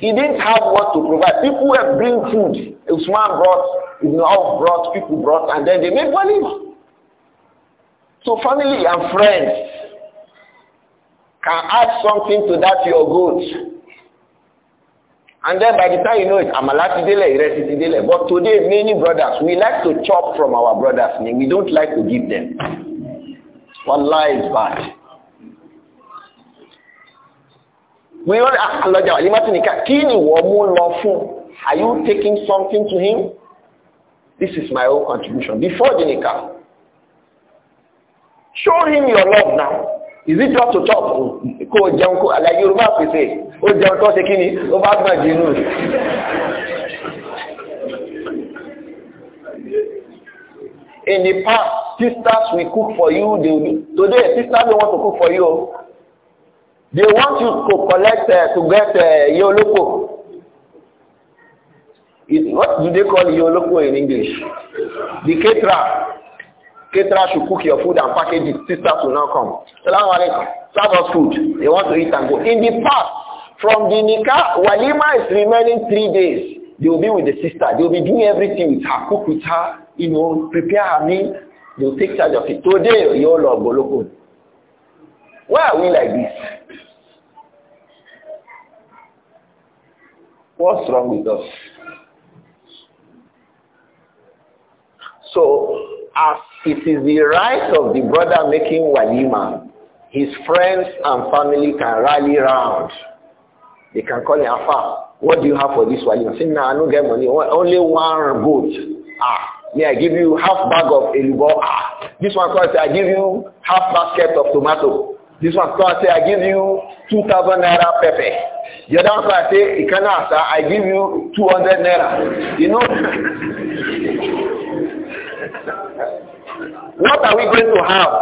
he didn't have what to provide. People were bringing food. Usman brought, Ibn Auf brought, people brought, and then they made money. So family and friends can add something to that your goods. And then by the time you know it, amalatidele, iresitidele. But today, many brothers, we like to chop from our brothers' name. We don't like to give them. Wallah is bad. We will acknowledge our limatinika. Kini womu lofu. Are you taking something to him? This is my own contribution. Before the nikah. Show him your love now. Is it not to talk? Kó o jẹun you like Yorùbá pèsè, ó jẹun tó ṣe kí ni, ó bá gbọ̀n In the past, sisters will cook for you. They will, today, sisters don't want to cook for you. They want you to collect, uh, to get uh, yoloko. It, what do they call yoloko in English? The ketra ketra should cook your food and package it. Sisters will now come. Salam alaikum. Serve us food. They want to eat and go. In the past, from the nikah, walima is remaining three days. They will be with the sister. They will be doing everything with her, cook with her, you know, prepare a meal, they'll take charge of it. Today, you all are Boloko. Why are we like this? What's wrong with us? So, as it is the right of the brother making walima, his friends and family can rally round. They can call him Afa, What do you have for this walima? Say, no, nah, I don't get money. Only one boat. Ah, May I give you half bag of elubo. Ah, this one come and say, I give you half basket of tomato. This one come and say, I give you 2,000 naira pepper. The other one come and say, Ikana, sir, I give you 200 naira. You know, what are we going to have?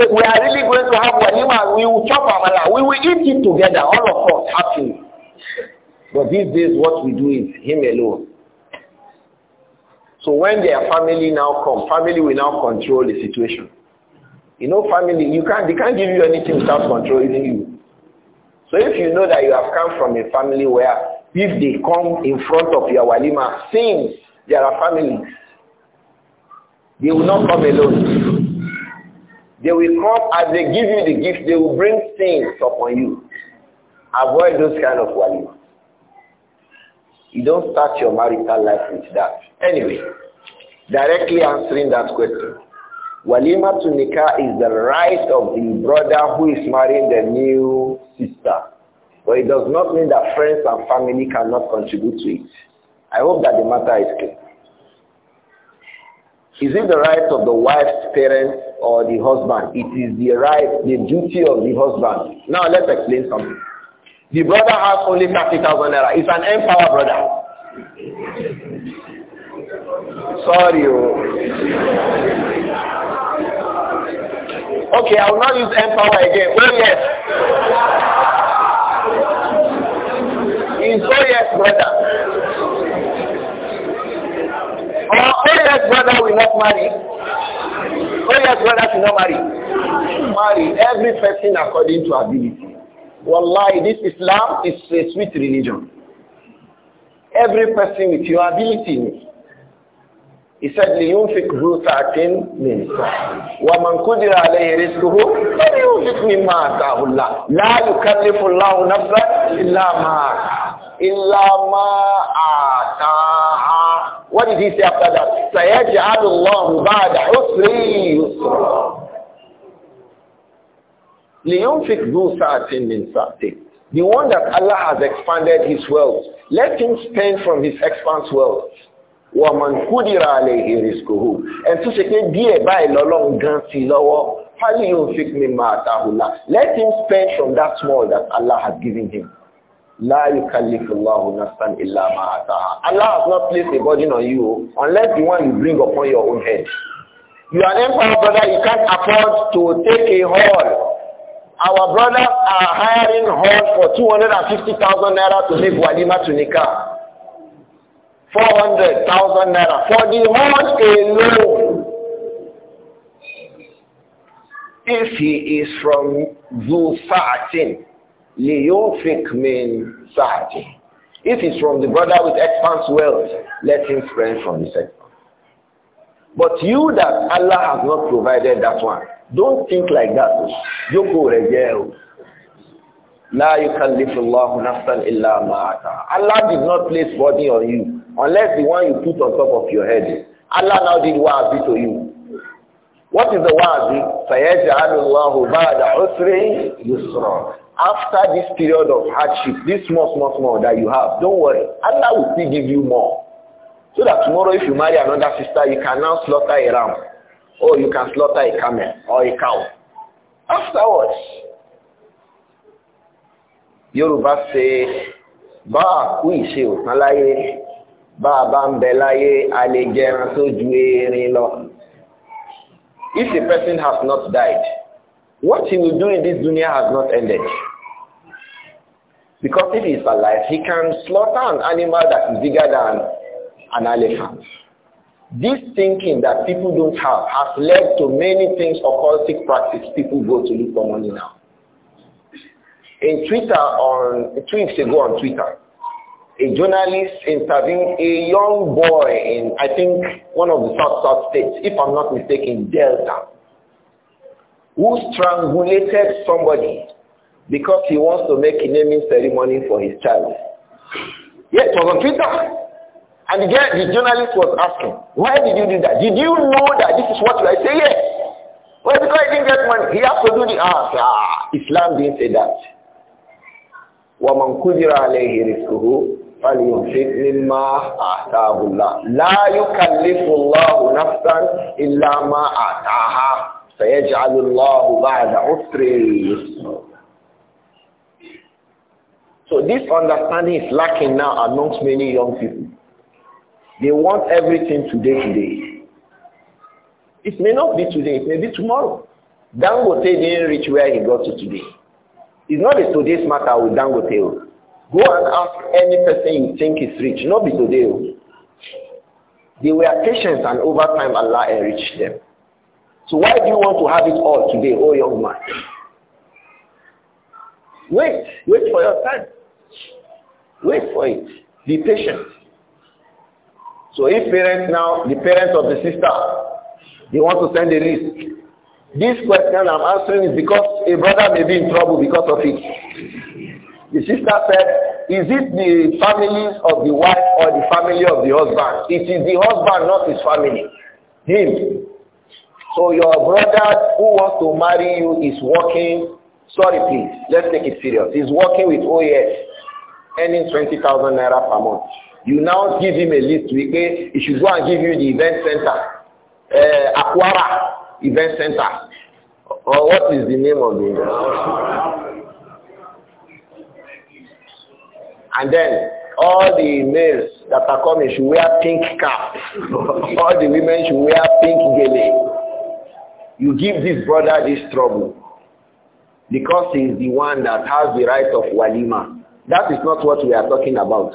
If eh, we are really going to have one human. we will chop our amala. We will eat it together, all of us, happy. But these days, what we do is him alone. So when their family now come, family will now control the situation. You know, family, you can't, they can't give you anything without controlling you. So if you know that you have come from a family where if they come in front of your walima, since there are families, they will not come alone. They will come as they give you the gift, they will bring things upon you. Avoid those kind of walima. You don't start your marital life with that. Anyway, directly answering that question. Walima to nikah is the right of the brother who is marrying the new sister. But it does not mean that friends and family cannot contribute to it. I hope that the matter is clear. Is it the right of the wife's parents or the husband? It is the right, the duty of the husband. Now let's explain something. The brother has only 30,000 naira. He's an empowered brother. Sorry. Oh. Okay, I will not use empower again. Oh yes. It's oh yes, brother. Or oh yes, brother will not marry. Oh yes, brother will not marry. Marry every person according to ability. Wallahi, this Islam is a sweet religion. Every person with your ability. He said, لِيُنْفِقْ ذُو سَعْتٍ مِنْ وَمَنْ قُدِرَ عَلَيْهِ رِزْقُهُ فَلْيُنْفِقْ مِمَّا آتَاهُ اللَّهُ لَا يُكَلِّفُ اللَّهُ نَفْسًا إِلَّا مَا إِلَّا مَا آتَاهَا What did he say after that? سَيَجْعَلُ اللَّهُ بَعْدَ عُسْرٍ يُسْرًا لِيُنْفِقْ ذُو سَعَةٍ The one that Allah has expanded his wealth, let him spend from his expanse wealth. وَمَنْ قُدِرَ عَلَيْهِ رِزْقُهُ And to say, díẹ̀ báyìí lọ́lọ́run gan sí lọ́wọ́, فَلْيُنْفِقْ مِمَّا آتَاهُ اللَّهُ Let him spend from that small that Allah has given him. La yukallifullahu nafsan illa ma ataha. Allah has not placed a burden on you unless the one you bring upon your own head. You are an emperor brother, you can't afford to take a hall. Our brothers are hiring horse for 250,000 naira to leave Walima to nika. 400,000 naira for the horse alone. If he is from Zu Sa'atin, لينفق من سعته If is from the brother with expanse wealth, let him spend from his expanse. But you that Allah has not provided that one, don't think like that. You go, jẹ́ o. La yukallifu Allahu nafsan illa ma Allah did not place body on you unless the one you put on top of your head. Allah now did wa'azi to you. What is the wa'azi? فَيَجْعَلُ اللَّهُ بَعْدَ عُسْرٍ يُسْرًا After this period of hardship, this small, small, small that you have, don't worry. Allah will still give you more. So that tomorrow if you marry another sister, you can now slaughter a ram Oh, you can slaughter a camel or a cow. Afterwards, Yoruba say, bá kú ìṣe òkan láyé, bá bam bá ń bẹ láyé, a lè jẹran tó ju erin lọ. If a person has not died, what he will do in this dunya has not ended. Because if he is alive, he can slaughter an animal that is bigger than an elephant. This thinking that people don't have has led to many things occultic practice people go to look for money now. In Twitter, on two weeks ago on Twitter, a journalist interviewed a young boy in, I think, one of the South-South states, if I'm not mistaken, Delta, who strangulated somebody because he wants to make a naming ceremony for his child. Yes, it was on Twitter. And the, girl, the journalist was asking, why did you do that? Did you know that this is what you are? I say, yes. Well, because I didn't get money. He has to do the answer. Ah, ah, Islam didn't say that. وَمَنْ قُدِرَ عَلَيْهِ رِزْقُهُ فَلْيُنْفِقْ مِمَّا آتَاهُ اللَّهُ لَا يُكَلِّفُ اللَّهُ نَفْسًا إِلَّا مَا آتَاهَا سَيَجْعَلُ اللَّهُ بَعْدَ عُسْرٍ So this understanding is lacking now amongst many young people. They want everything today, today. It may not be today, it may be tomorrow. Dangote didn't reach where he got to today. It's not a today's matter with Dangote. Oh. Go and ask any person you think is rich, not be today. Oh. They were patient and over time Allah enriched them. So why do you want to have it all today, oh young man? Wait, wait for your time. Wait for it. Be patient. So if parents now, the parents of the sister, they want to send a list. This question I'm answering is because a brother may be in trouble because of it. The sister said, is it the families of the wife or the family of the husband? It is the husband, not his family. Him. So your brother who wants to marry you is working, sorry please, let's take it serious, He's working with OAS, earning 20,000 naira per month. You now give him a list. Okay, say he should go and give you the event center, uh, eh, Aquara event center. Or what is the name of the event? And then all the males that are coming should wear pink cap. all the women should wear pink gele. You give this brother this trouble because he is the one that has the right of walima. That is not what we are talking about.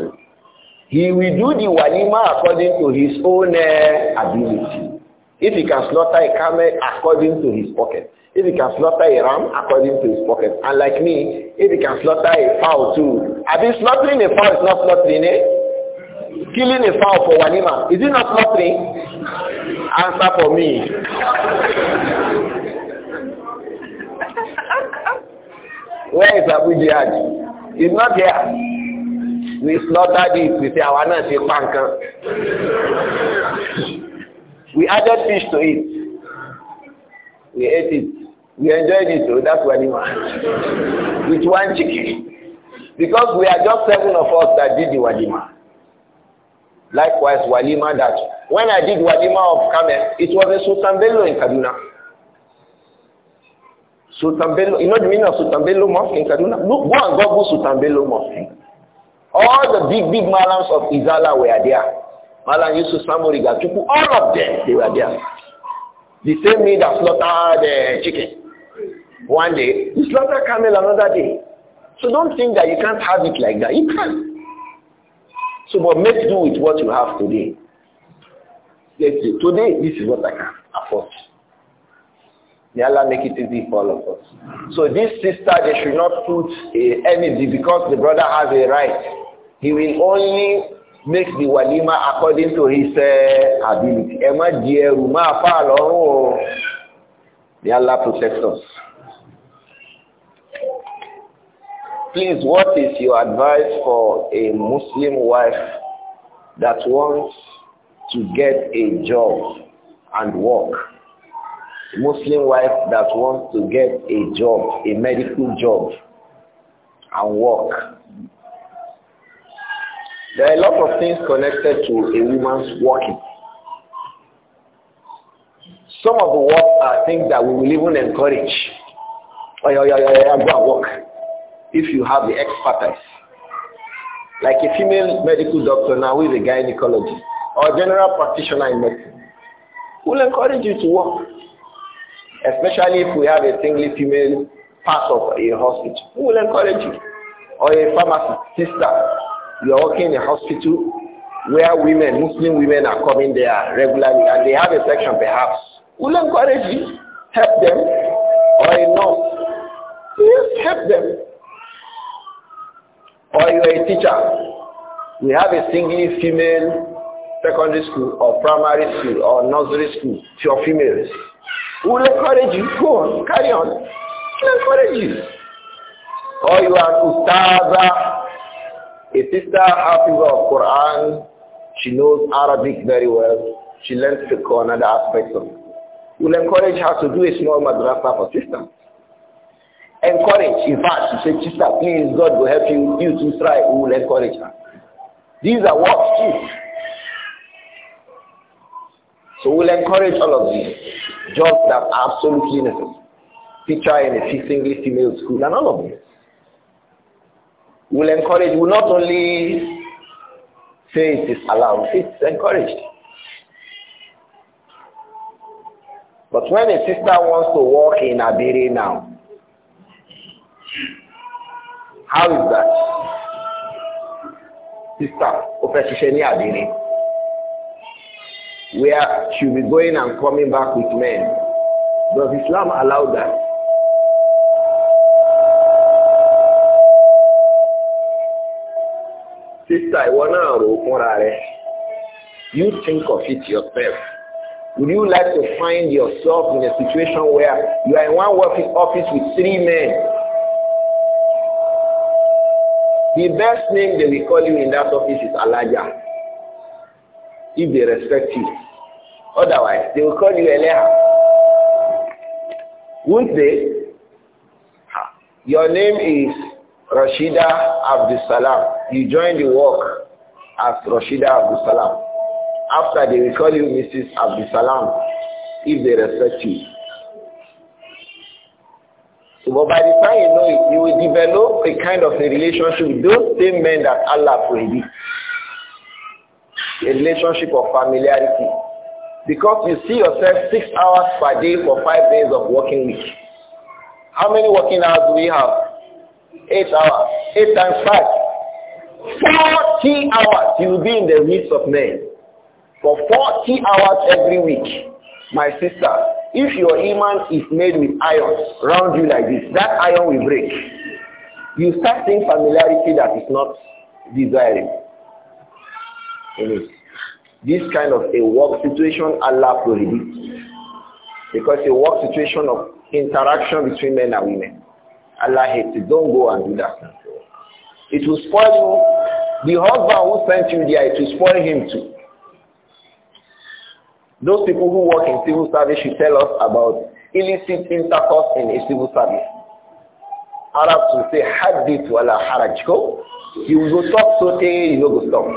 He will do the walima according to his own uh, ability. If he can slaughter a camel according to his pocket. If he can slaughter a ram according to his pocket. And like me, if he can slaughter a fowl too. I mean slaughtering a fowl is not slaughtering eh? Killing a fowl for walima. Is it not slaughtering? Answer for me. Where is Abu Dhabi? He's not here we slaughtered it, we say, our nurse is pankan. We added fish to it. We ate it. We enjoyed it, so that's what we With one chicken. Because we are just seven of us that did the walima. Likewise, walima that. When I did walima of Kamel, it was a Sultan Bello in Kaduna. Sultan Bello, you know the meaning of Sultan Bello mosque in Kaduna? Look, go and Google Sultan Bello mosque. All the big, big malams of Izala were there. Malam Yusuf Samuri Gatuku, all of them, they were there. The same need that slaughtered the uh, chicken. One day, you slaughter camel another day. So don't think that you can't have it like that. You can. So but make do with what you have today. Let's today, this is what I can afford. May Allah make it easy for all of us. So this sister, they should not put an energy because the brother has a right. He will only make the walima according to his uh, ability. Ẹ má di ẹrù May Allah protect us. Please, what is your advice for a Muslim wife that wants to get a job and work? Muslim wife that wants to get a job, a medical job, and work. There are a lot of things connected to a woman's working. Some of the work are things that we will even encourage. Oh, yeah, yeah, yeah, yeah, go and work. If you have the expertise. Like a female medical doctor now with a gynecologist or a general practitioner in medicine will encourage you to work Especially if we have a single female part of a hospital, we will encourage you. Or a pharmacy sister, you are working in a hospital where women, Muslim women are coming there regularly and they have a section perhaps. We'll encourage you, help them, or a nurse. please help them. Or you are a teacher. We have a single female secondary school or primary school or nursery school for females will encourage you. Go on, carry on. Will encourage you. Or oh, you are ustaza, a sister hafiz of Quran. She knows Arabic very well. She learns the Quran and the aspects of it. Will encourage her to do a small madrasa for sisters. Encourage. In fact, she said, sister, please, God will help you. You to try. We will encourage her. These are what too. So we'll encourage all of these jobs that are absolutely necessary. Teacher in a teaching female school and all of this. We'll encourage, we'll not only say it is allowed, it's encouraged. But when a sister wants to walk in Abiri now, how is that? Sister, in Abiri where she'll be going and coming back with men. Does Islam allow that? Sister, I wanna You think of it yourself. Would you like to find yourself in a situation where you are in one working office with three men? The best name they will call you in that office is Alaja if they respect you. Otherwise, they will call you Eleha. Won't they? Your name is Rashida Abdul Salam. You join the work as Rashida Abdul Salam. After they will call you Mrs. Abdul Salam if they respect you. but by the time you know it, you will develop a kind of a relationship with those same men that Allah prohibits a relationship of familiarity. Because you see yourself six hours per day for five days of working week. How many working hours do we have? Eight hours. Eight times five. Forty hours you will be in the midst of men. For forty hours every week. My sister, if your iman is made with iron round you like this, that iron will break. You start seeing familiarity that is not desirable in it. This kind of a work situation Allah prohibits. Because a work situation of interaction between men and women. Allah hates it. Don't go and do that. It will spoil you. The husband who sent you there, it will spoil him too. Those people who work in civil service should tell us about illicit intercourse in a civil service. Arabs will say, hadith wala harajko, You will go talk so you will go stop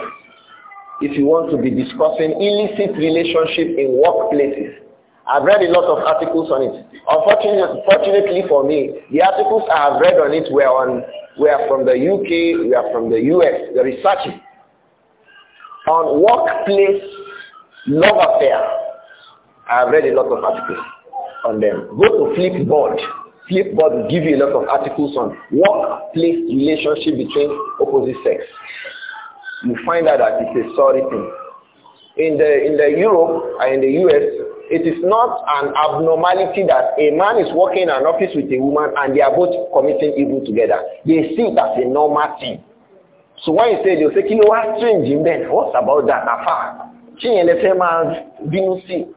if you want to be discussing illicit relationship in workplaces. I've read a lot of articles on it. Unfortunately for me, the articles I have read on it were, on, were from the UK, were from the US, the research on workplace love affair. I've read a lot of articles on them. Go to Flipboard. Flipboard will give you a lot of articles on workplace relationship between opposite sex you find out that it's a sorry thing. In the in the Europe and in the US, it is not an abnormality that a man is working in an office with a woman and they are both committing evil together. They see it as a normal thing. So when you say you say, you know what's strange in that? What's about that? Afa. She and the same man didn't see.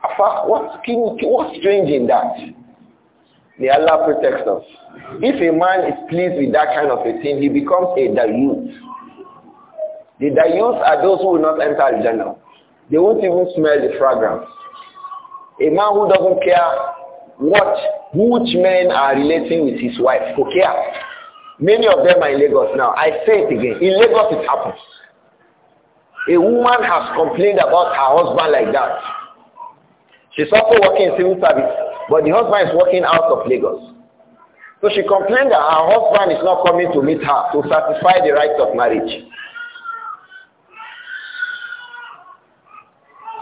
Afa, what's, strange in that? May Allah protect us. If a man is pleased with that kind of a thing, he becomes a youth. The Dayus are those who will not enter the general. They won't even smell the fragrance. A man who doesn't care what, which men are relating with his wife, who care. Many of them are in Lagos now. I say it again. In Lagos it happens. A woman has complained about her husband like that. She's also working in civil service, but the husband is working out of Lagos. So she complained that her husband is not coming to meet her to satisfy the rights of marriage.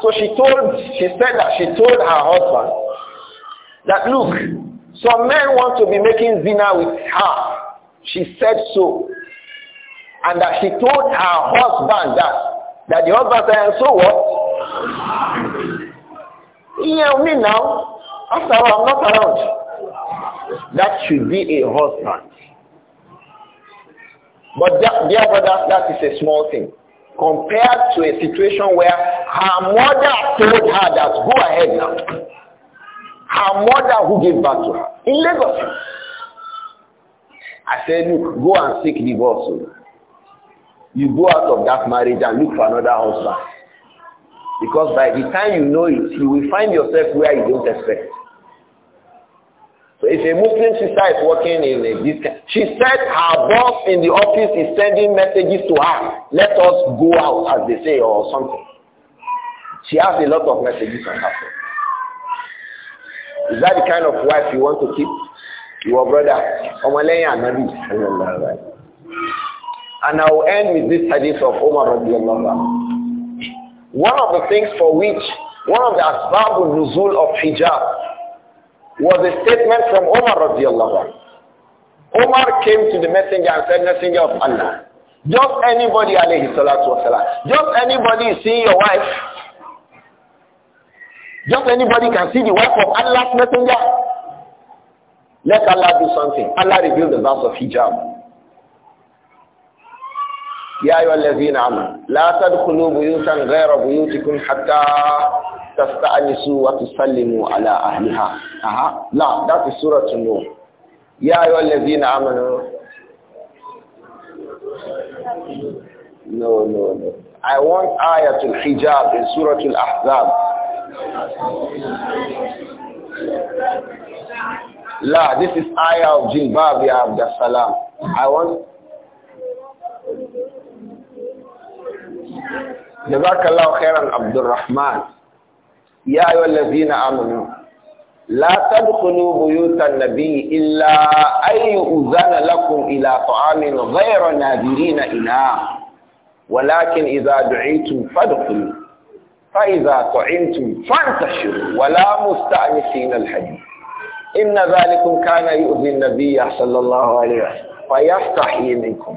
So she told, she said that she told her husband that look, some men want to be making zina with her. She said so. And that she told her husband that, that the husband said, so what? Yeah, me now. After all, I'm not around. That should be a husband. But that, dear that is a small thing compared to a situation where her mother told her that go ahead now. Her mother who gave birth to her in Lagos. I said, look, go and seek divorce. Oh. You go out of that marriage and look for another husband. Because by the time you know it, you will find yourself where you don't expect a Muslim sister is working in a business. She said her boss in the office is sending messages to her. Let us go out, as they say, or something. She has a lot of messages on her phone. Is that the kind of wife you want to keep? Your brother, Nabi. And I will end with this hadith of Omar One of the things for which, one of the asbabul nuzul of hijab was a statement from Omar radiallahu anhu. Omar came to the messenger and said, messenger of Allah, just anybody, alayhi salatu wasalam, just anybody see your wife, just anybody can see the wife of Allah's messenger. Let Allah do something. Allah revealed the verse of hijab. يا أيها الذين آمنوا لا تدخلوا بيوتا غير بيوتكم حتى tasta'nisu that is surah an-nur ya ayyuhallazina amanu no no no i want ayatul hijab in surah al-ahzab la this is ayah of jilbab ya abdussalam i want jazakallahu khairan Rahman. يا أيها الذين آمنوا لا تدخلوا بيوت النبي إلا أن يؤذن لكم إلى طعام غير ناذرين إناه ولكن إذا دعيتم فادخلوا فإذا طعمتم فانتشروا ولا مستأنسين الحديث إن ذلكم كان يؤذي النبي صلى الله عليه وسلم فيستحيي منكم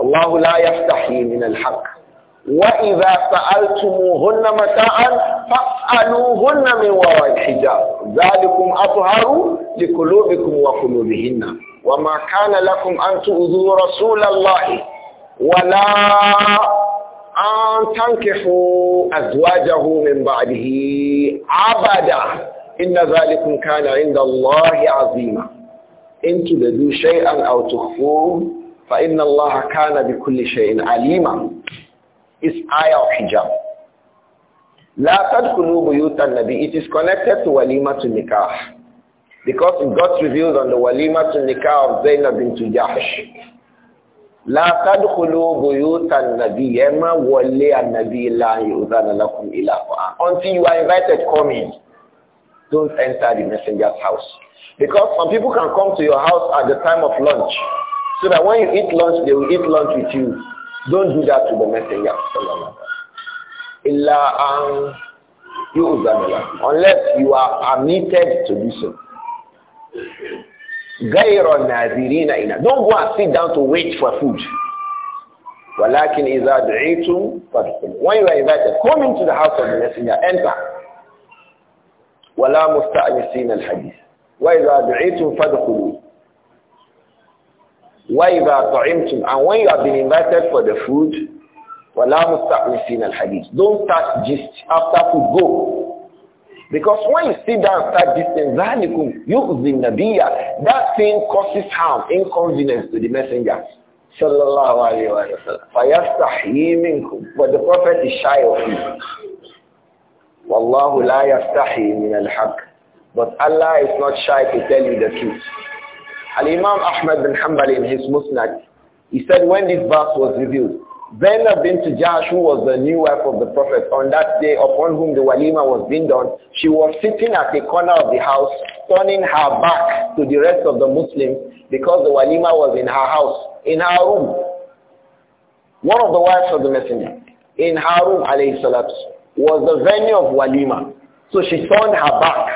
الله لا يستحيي من الحق وَإِذَا سَأَلْتُمُوهُنَّ مَتَاعًا فَاسْأَلُوهُنَّ مِنْ وَرَاءِ الحجاب ذَلِكُمْ أَطْهَرُ لِقُلُوبِكُمْ وَقُلُوبِهِنَّ وَمَا كَانَ لَكُمْ أَنْ تُؤْذُوا رَسُولَ اللَّهِ وَلَا أَنْ تَنكِحُوا أَزْوَاجَهُ مِنْ بَعْدِهِ أَبَدًا إِنَّ ذَلِكُمْ كَانَ عِنْدَ اللَّهِ عَظِيمًا إِنْ تُبْدُوا شَيْئًا أَوْ تُخْفُوهُ فَإِنَّ اللَّهَ كَانَ بِكُلِّ شَيْءٍ عَلِيمًا is ayah of hijab. La tadkhulu buyutan nabi. It is connected to walima to nikah. Because it got revealed on the walima to nikah of Zainab bint Jahsh. لا تدخلوا بيوت النبي ما ولي النبي لا يؤذن لكم إلى until you are invited come in don't enter the messenger's house because some people can come to your house at the time of lunch so that when you eat lunch they will eat lunch with you don't do that to the messenger. Illa Unless you are permitted to do so. Gairon nazirina ina. Don't go and sit down to wait for food. ولكن إذا دعيتم فادخلوا. When you are invited, come into the house of the messenger. Enter. ولا مستأنسين الحديث. وإذا دعيتم فادخلوا. Why you are طَعِمْتُمْ And when you have been invited for the food, وَلَا hadith. الْحَدِيثِ Don't start just after food, go. Because when you sit down and start you ذَلِكُمْ يُؤْذِي النَّبِيَّ That thing causes harm, inconvenience to the messenger. Sallallahu alayhi wa sallam. فَيَسْتَحْيِي مِنْكُمْ But the prophet is shy of you. وَاللَّهُ لَا يَسْتَحْيِي مِنَ الْحَقِّ But Allah is not shy to tell you the truth. Al-Imam Ahmad bin Hanbal in his Musnad, he said when this verse was revealed, then bint Jash, who was the new wife of the Prophet, on that day upon whom the walima was being done, she was sitting at the corner of the house, turning her back to the rest of the Muslims because the walima was in her house, in her room. One of the wives of the messenger, in her room, alayhi salatu, was the venue of walima. So she turned her back.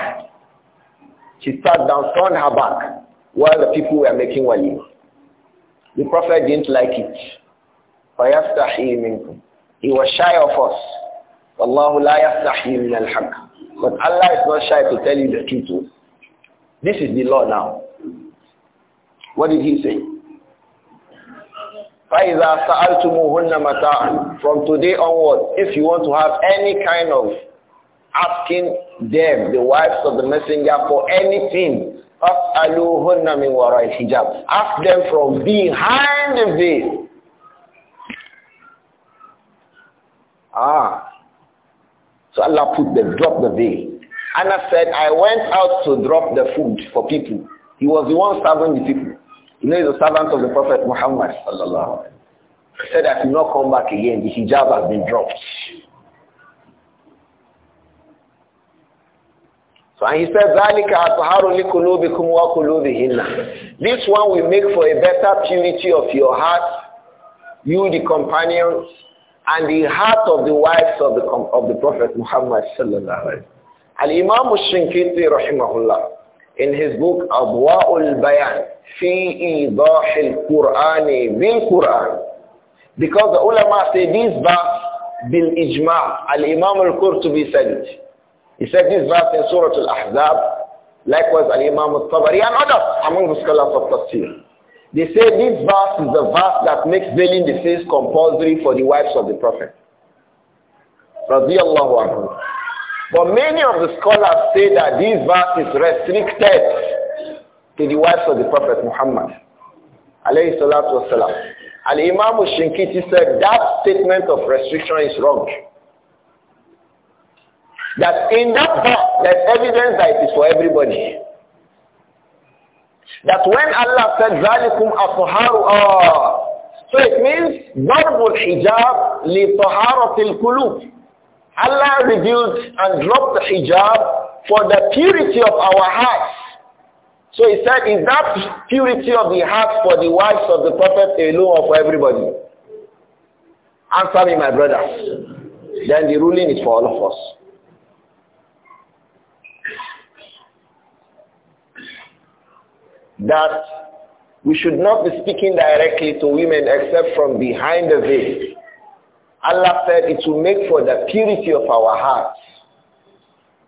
She sat down, turned her back while the people were making wali. The Prophet didn't like it. He was shy of us. Wallahu la min al-haq. But Allah is not shy to tell you the truth. This is the law now. What did he say? فَإِذَا سَأَلْتُمُهُنَّ مَتَاعًا From today onward, if you want to have any kind of asking them, the wives of the messenger, for anything, فَأَلُوهُنَّ مِنْ وَرَيْ hijab. Ask them from behind the veil. Ah. So Allah put the drop the veil. Anna said, I went out to drop the food for people. He was the one serving the people. You know, he's a servant of the Prophet Muhammad. He said, I will not come back again. The hijab has been dropped. and he said, This one will make for a better purity of your heart, you the companions, and the heart of the wives of the, of the Prophet Muhammad sallallahu Al-Imam al-Shinkiti rahimahullah, in his book Abwa'ul Bayan, fi idah al-Qur'ani bil-Qur'an, because the ulama say this verse bil-ijma' al-Imam al-Qurtubi said he said this verse in Surah Al-Ahzab, likewise Al-Imam Al-Tabari and others among the scholars of Tafsir. They say this verse is the verse that makes veiling the face compulsory for the wives of the Prophet. But many of the scholars say that this verse is restricted to the wives of the Prophet Muhammad. Alayhi salatu wasalam. Imam al-Shinkiti said that statement of restriction is wrong. That in that verse, there's evidence that it is for everybody. That when Allah said, ذَلِكُمْ أَطْهَارُ آه. So it means, Hijab li لِطَهَارَةِ kulub Allah revealed and dropped the hijab for the purity of our hearts. So he said, is that purity of the heart for the wives of the prophet alone or for everybody? Answer me, my brother. Then the ruling is for all of us. that we should not be speaking directly to women except from behind the veil. Allah said it will make for the purity of our hearts,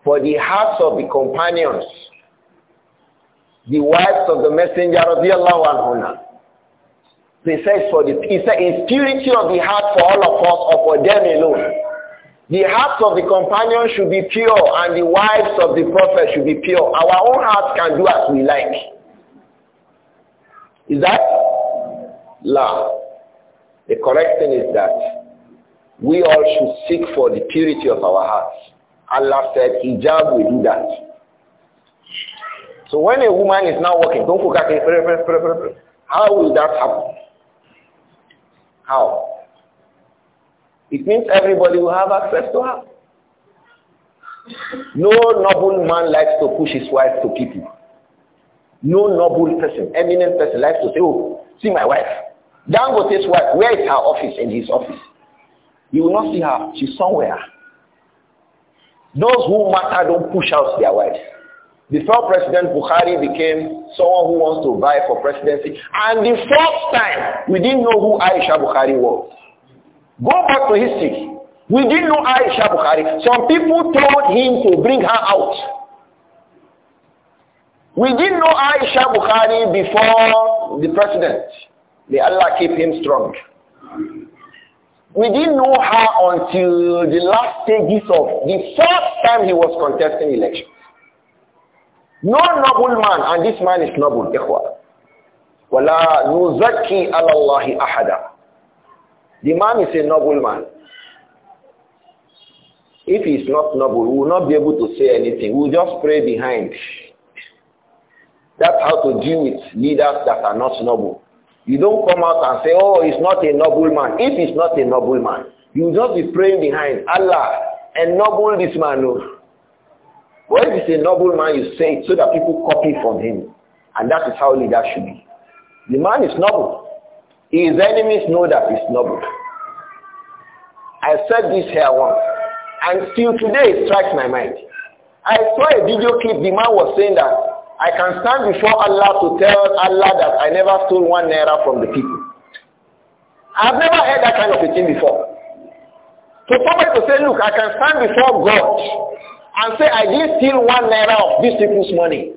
for the hearts of the companions, the wives of the messenger of Allah. he says for the he said, it's purity of the heart for all of us or for them alone. The hearts of the companions should be pure and the wives of the prophet should be pure. Our own hearts can do as we like. Is that? love? The correct thing is that we all should seek for the purity of our hearts. Allah said, hijab will do that. So when a woman is now walking, don't forget, how will that happen? How? It means everybody will have access to her. No noble man likes to push his wife to keep it. No noble person, eminent person likes to say, oh, see my wife. Dangote's wife, where is her office and his office? You will not see her. She's somewhere. Those who matter don't push out their wives. Before President Buhari became someone who wants to vie for presidency, and the fourth time, we didn't know who Aisha Buhari was. Go back to history. We didn't know Aisha Buhari. Some people told him to bring her out. We didn't know Aisha Bukhari before the president. May Allah keep him strong. We didn't know her until the last stages of the first time he was contesting elections. No noble man, and this man is noble, ikhwa. وَلَا نُزَكِّي اللَّهِ The man is a noble man. If he is not noble, we will not be able to say anything. We will just pray behind. That's how to deal with leaders that are not noble. You don't come out and say, oh, he's not a noble man. If he's not a noble man, you will just be praying behind, Allah, ennoble this man. Oh. But if he's a noble man, you say it so that people copy from him. And that is how leader should be. The man is noble. His enemies know that he's noble. I said this here once. And still today it strikes my mind. I saw a video clip, the man was saying that I can stand before Allah to tell Allah that I never stole one naira from the people. I've never heard that kind of a thing before. So somebody to say, look, I can stand before God and say I didn't steal one naira of these people's money.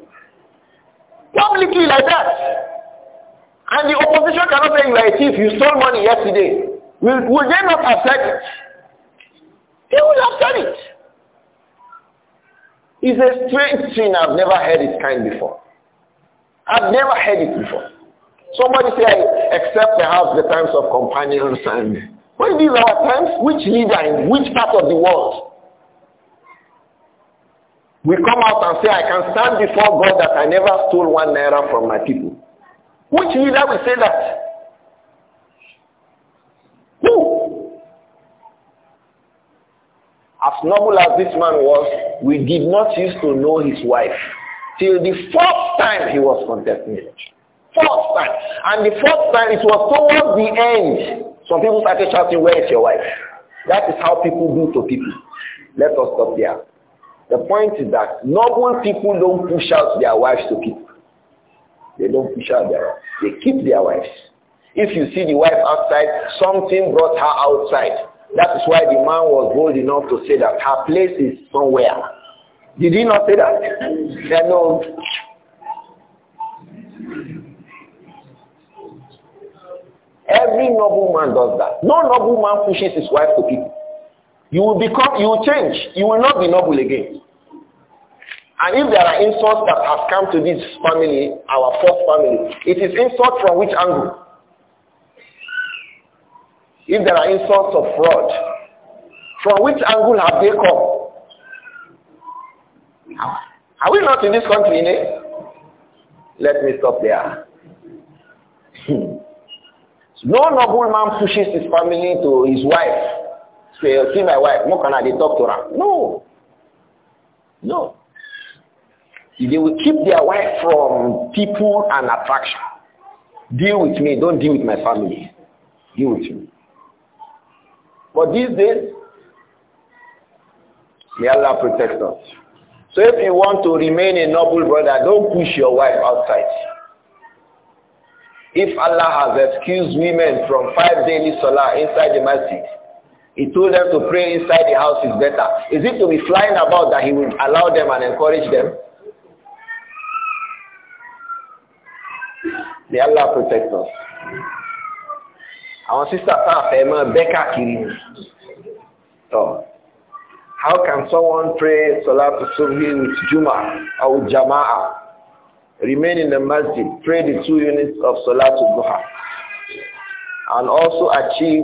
Publicly like that. And the opposition cannot say you are a thief, you stole money yesterday. Will, will they not accept it? They will accept it. It's a strange thing. I've never heard it kind before. I've never heard it before. Somebody say, except perhaps the times of companions and when these are times, which leader in which part of the world? We come out and say, I can stand before God that I never stole one naira from my people. Which leader will say that? As normal as this man was, we did not used to know his wife till the fourth time he was contemplating. Fourth time. And the fourth time, it was towards the end. Some people started shouting, where is your wife? That is how people do to people. Let us stop there. The point is that normal people don't push out their wives to people. They don't push out their wives. They keep their wives. If you see the wife outside, something brought her outside. That is why the man was bold enough to say that her place is somewhere. Did he not say that? Yeah, no. Every noble man does that. No noble man pushes his wife to people. You will become, you will change. You will not be noble again. And if there are insults that have come to this family, our fourth family, it is insult from which angle? If there are insults of fraud, from which angle have they come? Are we not in this country? Eh? Let me stop there. Hmm. no noble man pushes his family to his wife. Say, oh, see my wife, no can I talk to her? No. No. They will keep their wife from people and attraction. Deal with me, don't deal with my family. Deal with me. But these days, may Allah protect us. So if you want to remain a noble brother, don't push your wife outside. If Allah has excused women from five daily salah inside the masjid, he told them to pray inside the house is better. Is it to be flying about that he will allow them and encourage them? May Allah protect us. Our sister how can someone pray Salatul subhi with juma or jama'a remain in the masjid pray the two units of Salatul duha and also achieve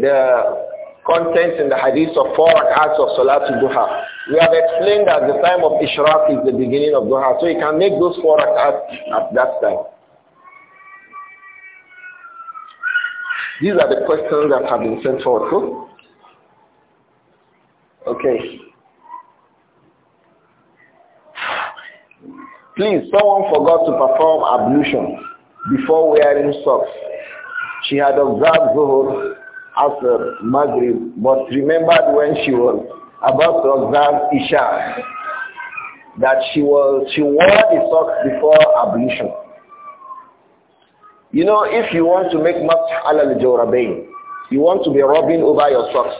the content in the hadith of four acts of Salatul Duha. We have explained that the time of Ishraq is the beginning of Duha, so you can make those four rak'at at that time. These are the questions that have been sent forward. Cool? Okay. Please, someone forgot to perform ablution before wearing socks. She had observed Zuhur as a Maghrib, but remembered when she was about to observe Isha that she was she wore the socks before ablution. You know, if you want to make math al jorabain, you want to be rubbing over your socks,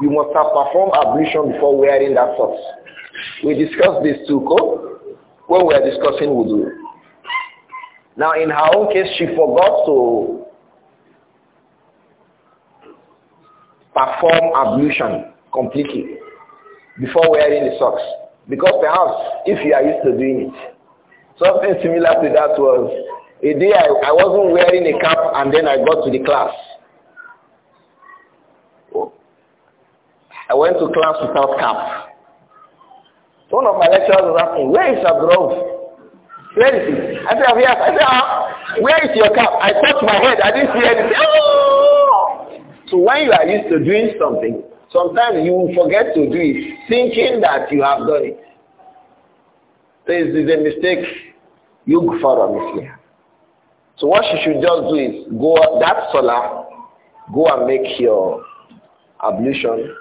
you must have performed ablution before wearing that socks. We discussed this too, Ko, when we are discussing wudu. Now, in her own case, she forgot to perform ablution completely before wearing the socks. Because perhaps if you are used to doing it, something similar to that was a day I, I wasn't wearing a cap and then I got to the class. I went to class without cap. One of my lecturers was asking, where is your glove? Where is it?" I said, "I'm here." I said, ah, where is your cap? I touched my head. I didn't see anything. Oh! So when you are used to doing something, Sometimes you forget to do it, thinking that you have done it. This is a mistake. You for a So what you should just do is go that solar, go and make your ablution,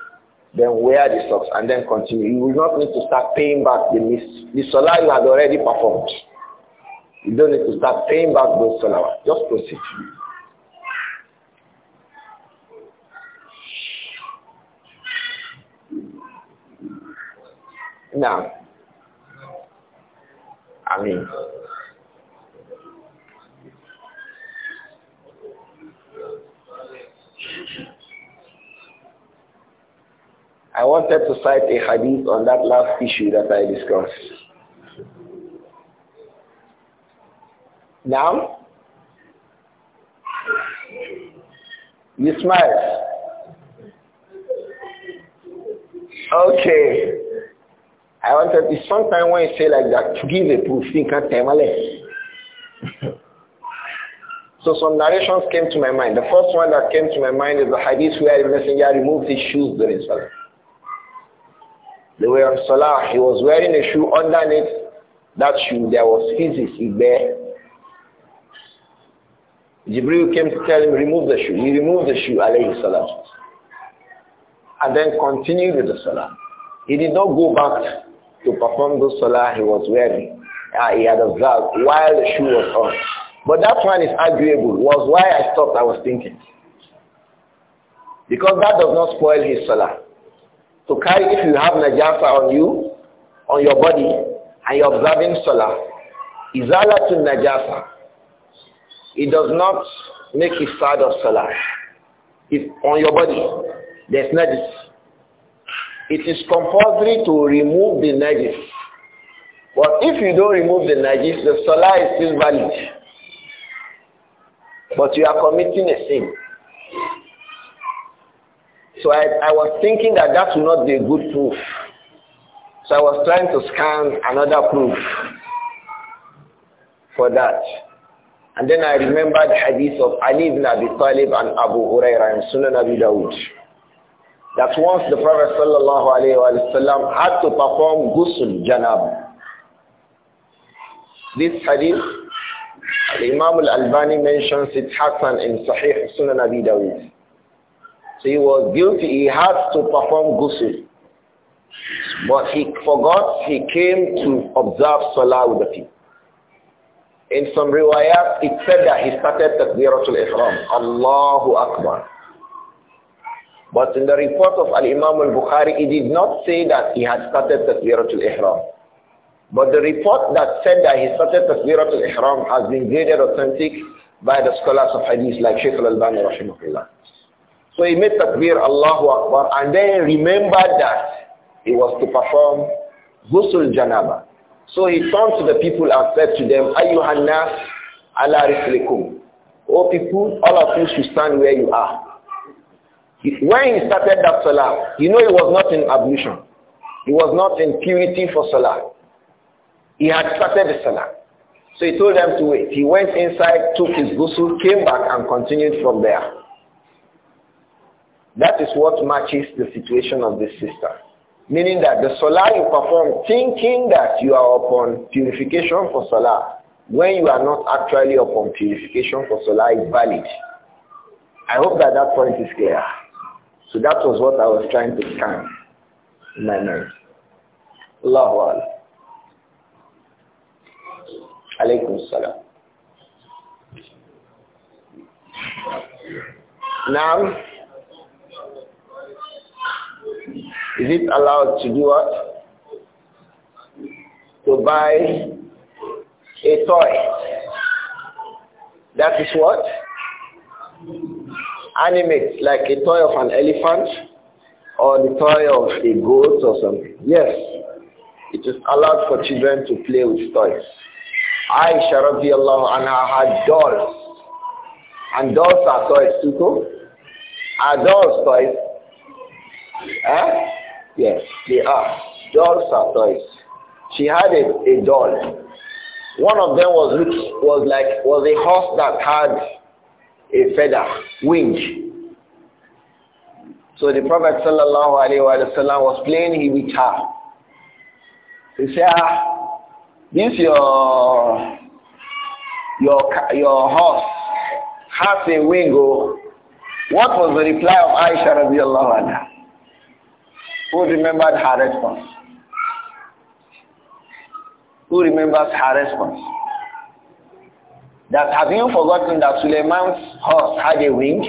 then wear the socks and then continue. You will not need to start paying back the miss the solar you had already performed. You don't need to start paying back those solar. Just proceed. Now, آمين I wanted to cite a hadith on that last issue that I discussed. Now, you smile. Okay. I wanted to sometimes when you say like that, to give a proof, think at So some narrations came to my mind. The first one that came to my mind is the hadith where the messenger removed his shoes during Salah. They were on Salah. He was wearing a shoe underneath that shoe. There was physics there. Jibril came to tell him, remove the shoe. He removed the shoe, alayhi salam. And then continued with the salah. He did not go back to perform the salah he was wearing. Uh, he had observed while the shoe was on. But that one is arguable, was why I stopped, I was thinking. Because that does not spoil his salah. To so carry, if you have najasa on you, on your body, and you're observing salah, izala to najasa, it does not make his side of salah. If on your body. There's najis it is compulsory to remove the najis. But if you don't remove the najis, the salah is still valid. But you are committing a sin. So I, I was thinking that that would not be a good proof. So I was trying to scan another proof for that. And then I remembered hadith of Ali ibn Abi Talib and Abu Hurairah and Sunan Abi Dawud that once the Prophet sallallahu alayhi wa had to perform ghusl janab. This hadith, Imam al-Albani mentions it Hassan in Sahih Sunan Abi Dawud. So he was guilty, he had to perform ghusl. But he forgot, he came to observe Salah with the people. In some riwayat, it said that he started Takbiratul Ihram, Allahu Akbar. But in the report of Al-Imam al-Bukhari, he did not say that he had started to Ihram. But the report that said that he started to Ihram has been graded authentic by the scholars of hadith like Sheikh al-Albani rahimahullah. So he made Takbir Allahu Akbar and then remembered that he was to perform Ghusl Janaba. So he turned to the people and said to them, Ayyuhannas ala riflikum. O people, all of you should stand where you are. When he started that salah, you know he was not in ablution. He was not in purity for salah. He had started the salah. So he told them to wait. He went inside, took his ghusl, came back and continued from there. That is what matches the situation of this sister. Meaning that the salah you perform thinking that you are upon purification for salah when you are not actually upon purification for salah is valid. I hope that that point is clear. So that was what I was trying to scan in my mind. Allahu Akbar. Alaykum salam. Now, is it allowed to do what? To buy a toy. That is what? animate like a toy of an elephant or the toy of a goat or something. Yes, it is allowed for children to play with toys. Aisha radiallahu anha had dolls. And dolls are toys too, too. Are dolls toys? Huh? Yes, they are. Dolls are toys. She had a, a doll. One of them was, was like, was a horse that had a feather, wing. So the Prophet sallallahu alaihi wasallam was playing he with her. He said, ah, this your your your horse has a wing. Oh. What was the reply of Aisha radiallahu anha? Who remembered her response? Who remembers her response? That have you forgotten that Suleiman's horse had a wing?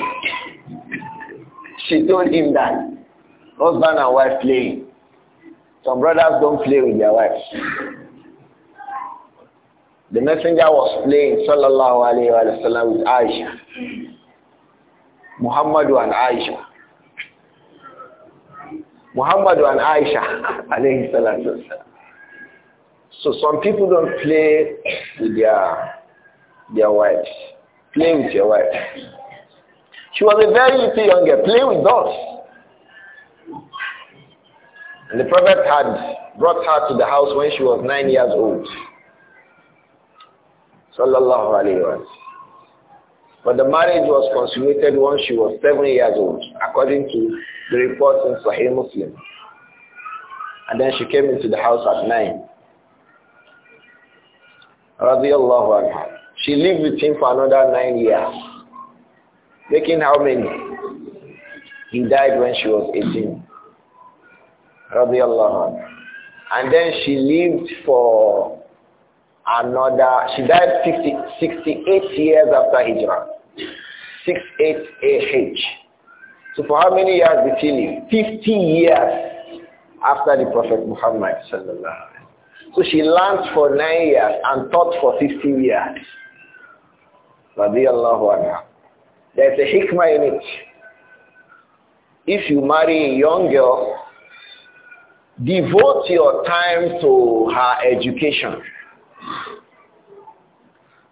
she told him that husband and wife playing. Some brothers don't play with their wives. The messenger was playing, sallallahu alayhi wa sallam, with Aisha. Muhammadu and Aisha. Muhammadu and Aisha, alayhi So some people don't play with their their wives. Play with your wife. She was a very little young girl. Play with us. And the prophet had brought her to the house when she was nine years old. Sallallahu alayhi wa But the marriage was consummated when she was seven years old, according to the reports in Sahih Muslim. And then she came into the house at nine. Radiallahu anha. She lived with him for another nine years. Making how many? He died when she was 18. Radiallahu And then she lived for another, she died 50, 68 years after Hijrah. 68 AH. So for how many years did she live? 50 years after the Prophet Muhammad sallallahu So she learned for nine years and taught for 50 years radiallahu anha. There's a hikmah in it. If you marry a young girl, devote your time to her education.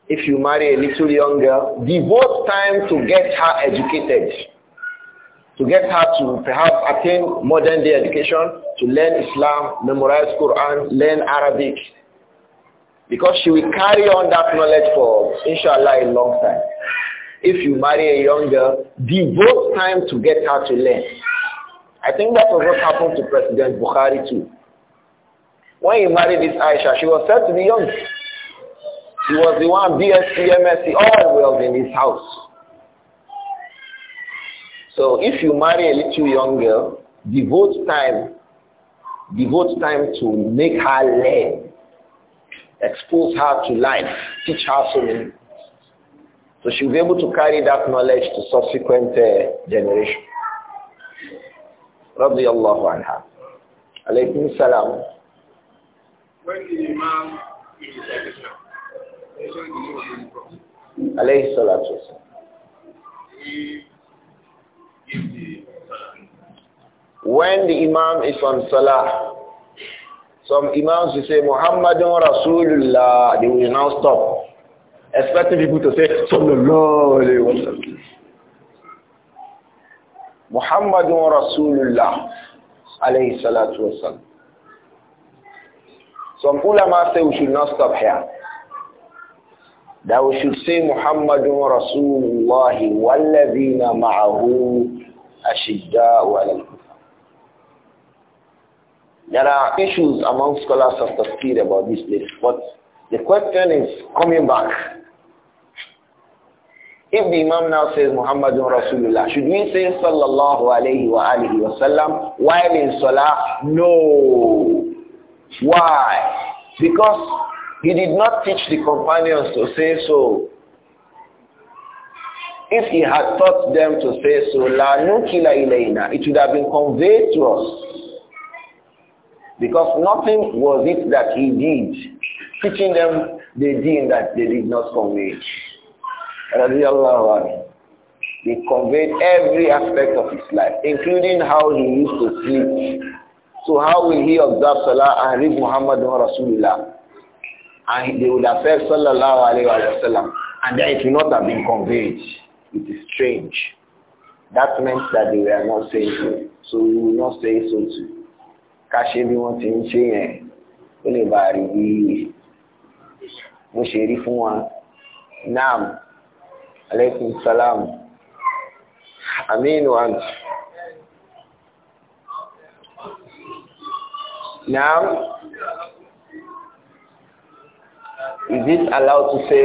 If you marry a little young girl, devote time to get her educated, to get her to perhaps attain modern day education, to learn Islam, memorize Quran, learn Arabic, because she will carry on that knowledge for, inshallah, a long time. If you marry a young girl, devote time to get her to learn. I think that was what happened to President Buhari too. When he married this Aisha, she was said to be young. He was the one BSc, MSc, all was in his house. So if you marry a little young girl, devote time, devote time to make her learn expose her to life, teach her so many. So she'll be able to carry that knowledge to subsequent uh, generation. رضي الله عنها. عليكم السلام. When the Imam is in عليه الصلاة والسلام. When the Imam is on Salah, some Imams will say, Muhammadun Rasulullah. They will now stop. Expecting people to say, Sallallahu Alaihi Wasallam. Muhammadun Rasulullah. Alayhi Salatu Wasallam. Some ulama say we should not stop here. That we should say Muhammadun Rasulullah والذين معه أشداء على there are issues among scholars of tafsir about this place, but the question is coming back. If the Imam now says Muhammadun Rasulullah, should we say Sallallahu Alaihi Wa Alihi Wasallam while in Salah? No. Why? Because he did not teach the companions to say so. If he had taught them to say so, La nukila ilayna, it would have been conveyed to us. Because nothing was it that he did, teaching them the deen that they did not convey. He conveyed every aspect of his life, including how he used to sleep. So how will he observe Salah and read Muhammad Rasulullah? And they would have said Sallallahu Alaihi Wasallam. And then it will not have been conveyed. It is strange. That meant that they were not saying so. So we will not say so too. ká ṣe bí wọ́n ti ń ṣe yẹn ó lè bá rí bí mo ṣe rí fún wa naam aleykum salaam aminu and naam is it allowed to say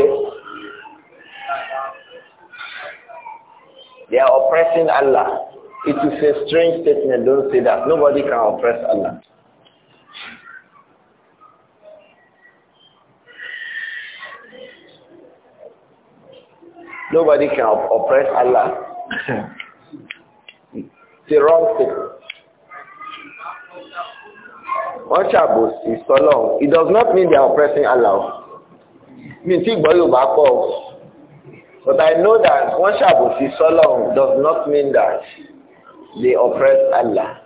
they are oppressing Allah. It is a strange statement. Don't say that. Nobody can oppress Allah. Nobody can oppress Allah. it's a wrong statement. is so long. It does not mean they are oppressing Allah. Mi ti gbọ́ But I know that is so long does not mean that they oppress Allah.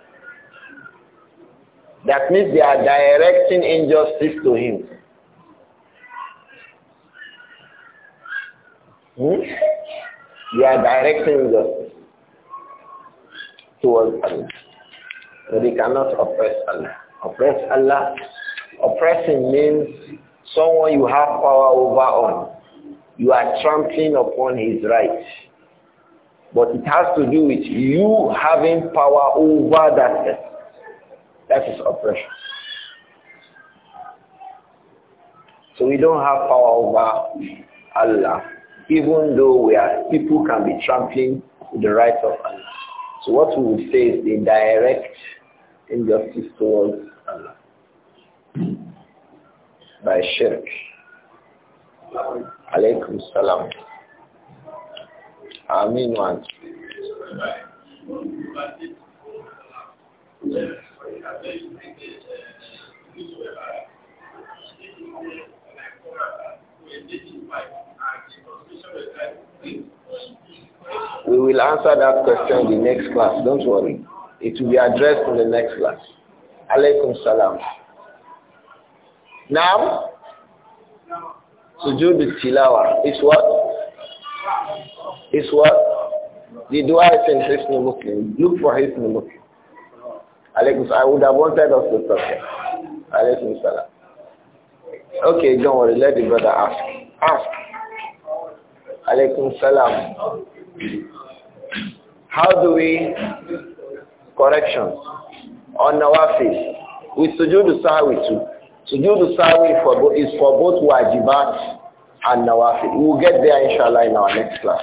That means they are directing injustice to him. Hmm? They are directing injustice towards Allah. So they cannot oppress Allah. Oppress Allah. Oppressing means someone you have power over on. You are trampling upon his rights. But it has to do with you having power over that person. That is oppression. So we don't have power over Allah, even though we are, people can be trampling the rights of Allah. So what we would say is the direct injustice towards Allah by shirk. Alaykum salam. Amin We will answer that question in the next class. Don't worry. It will be addressed in the next class. Alaykum salam. Now, sujood tilawa is what? is what? The dua is in Hisnu Muslim. Look for his Muslim. Alaykum I would have wanted us to talk here. Alaykum salam. Okay, don't worry. Let the brother ask. Ask. Alaykum salam. How do we corrections on nawafis with sujood sahwi too? Sujood sahwi for, is for both wajibat and nawafil. We'll get there inshallah in our next class.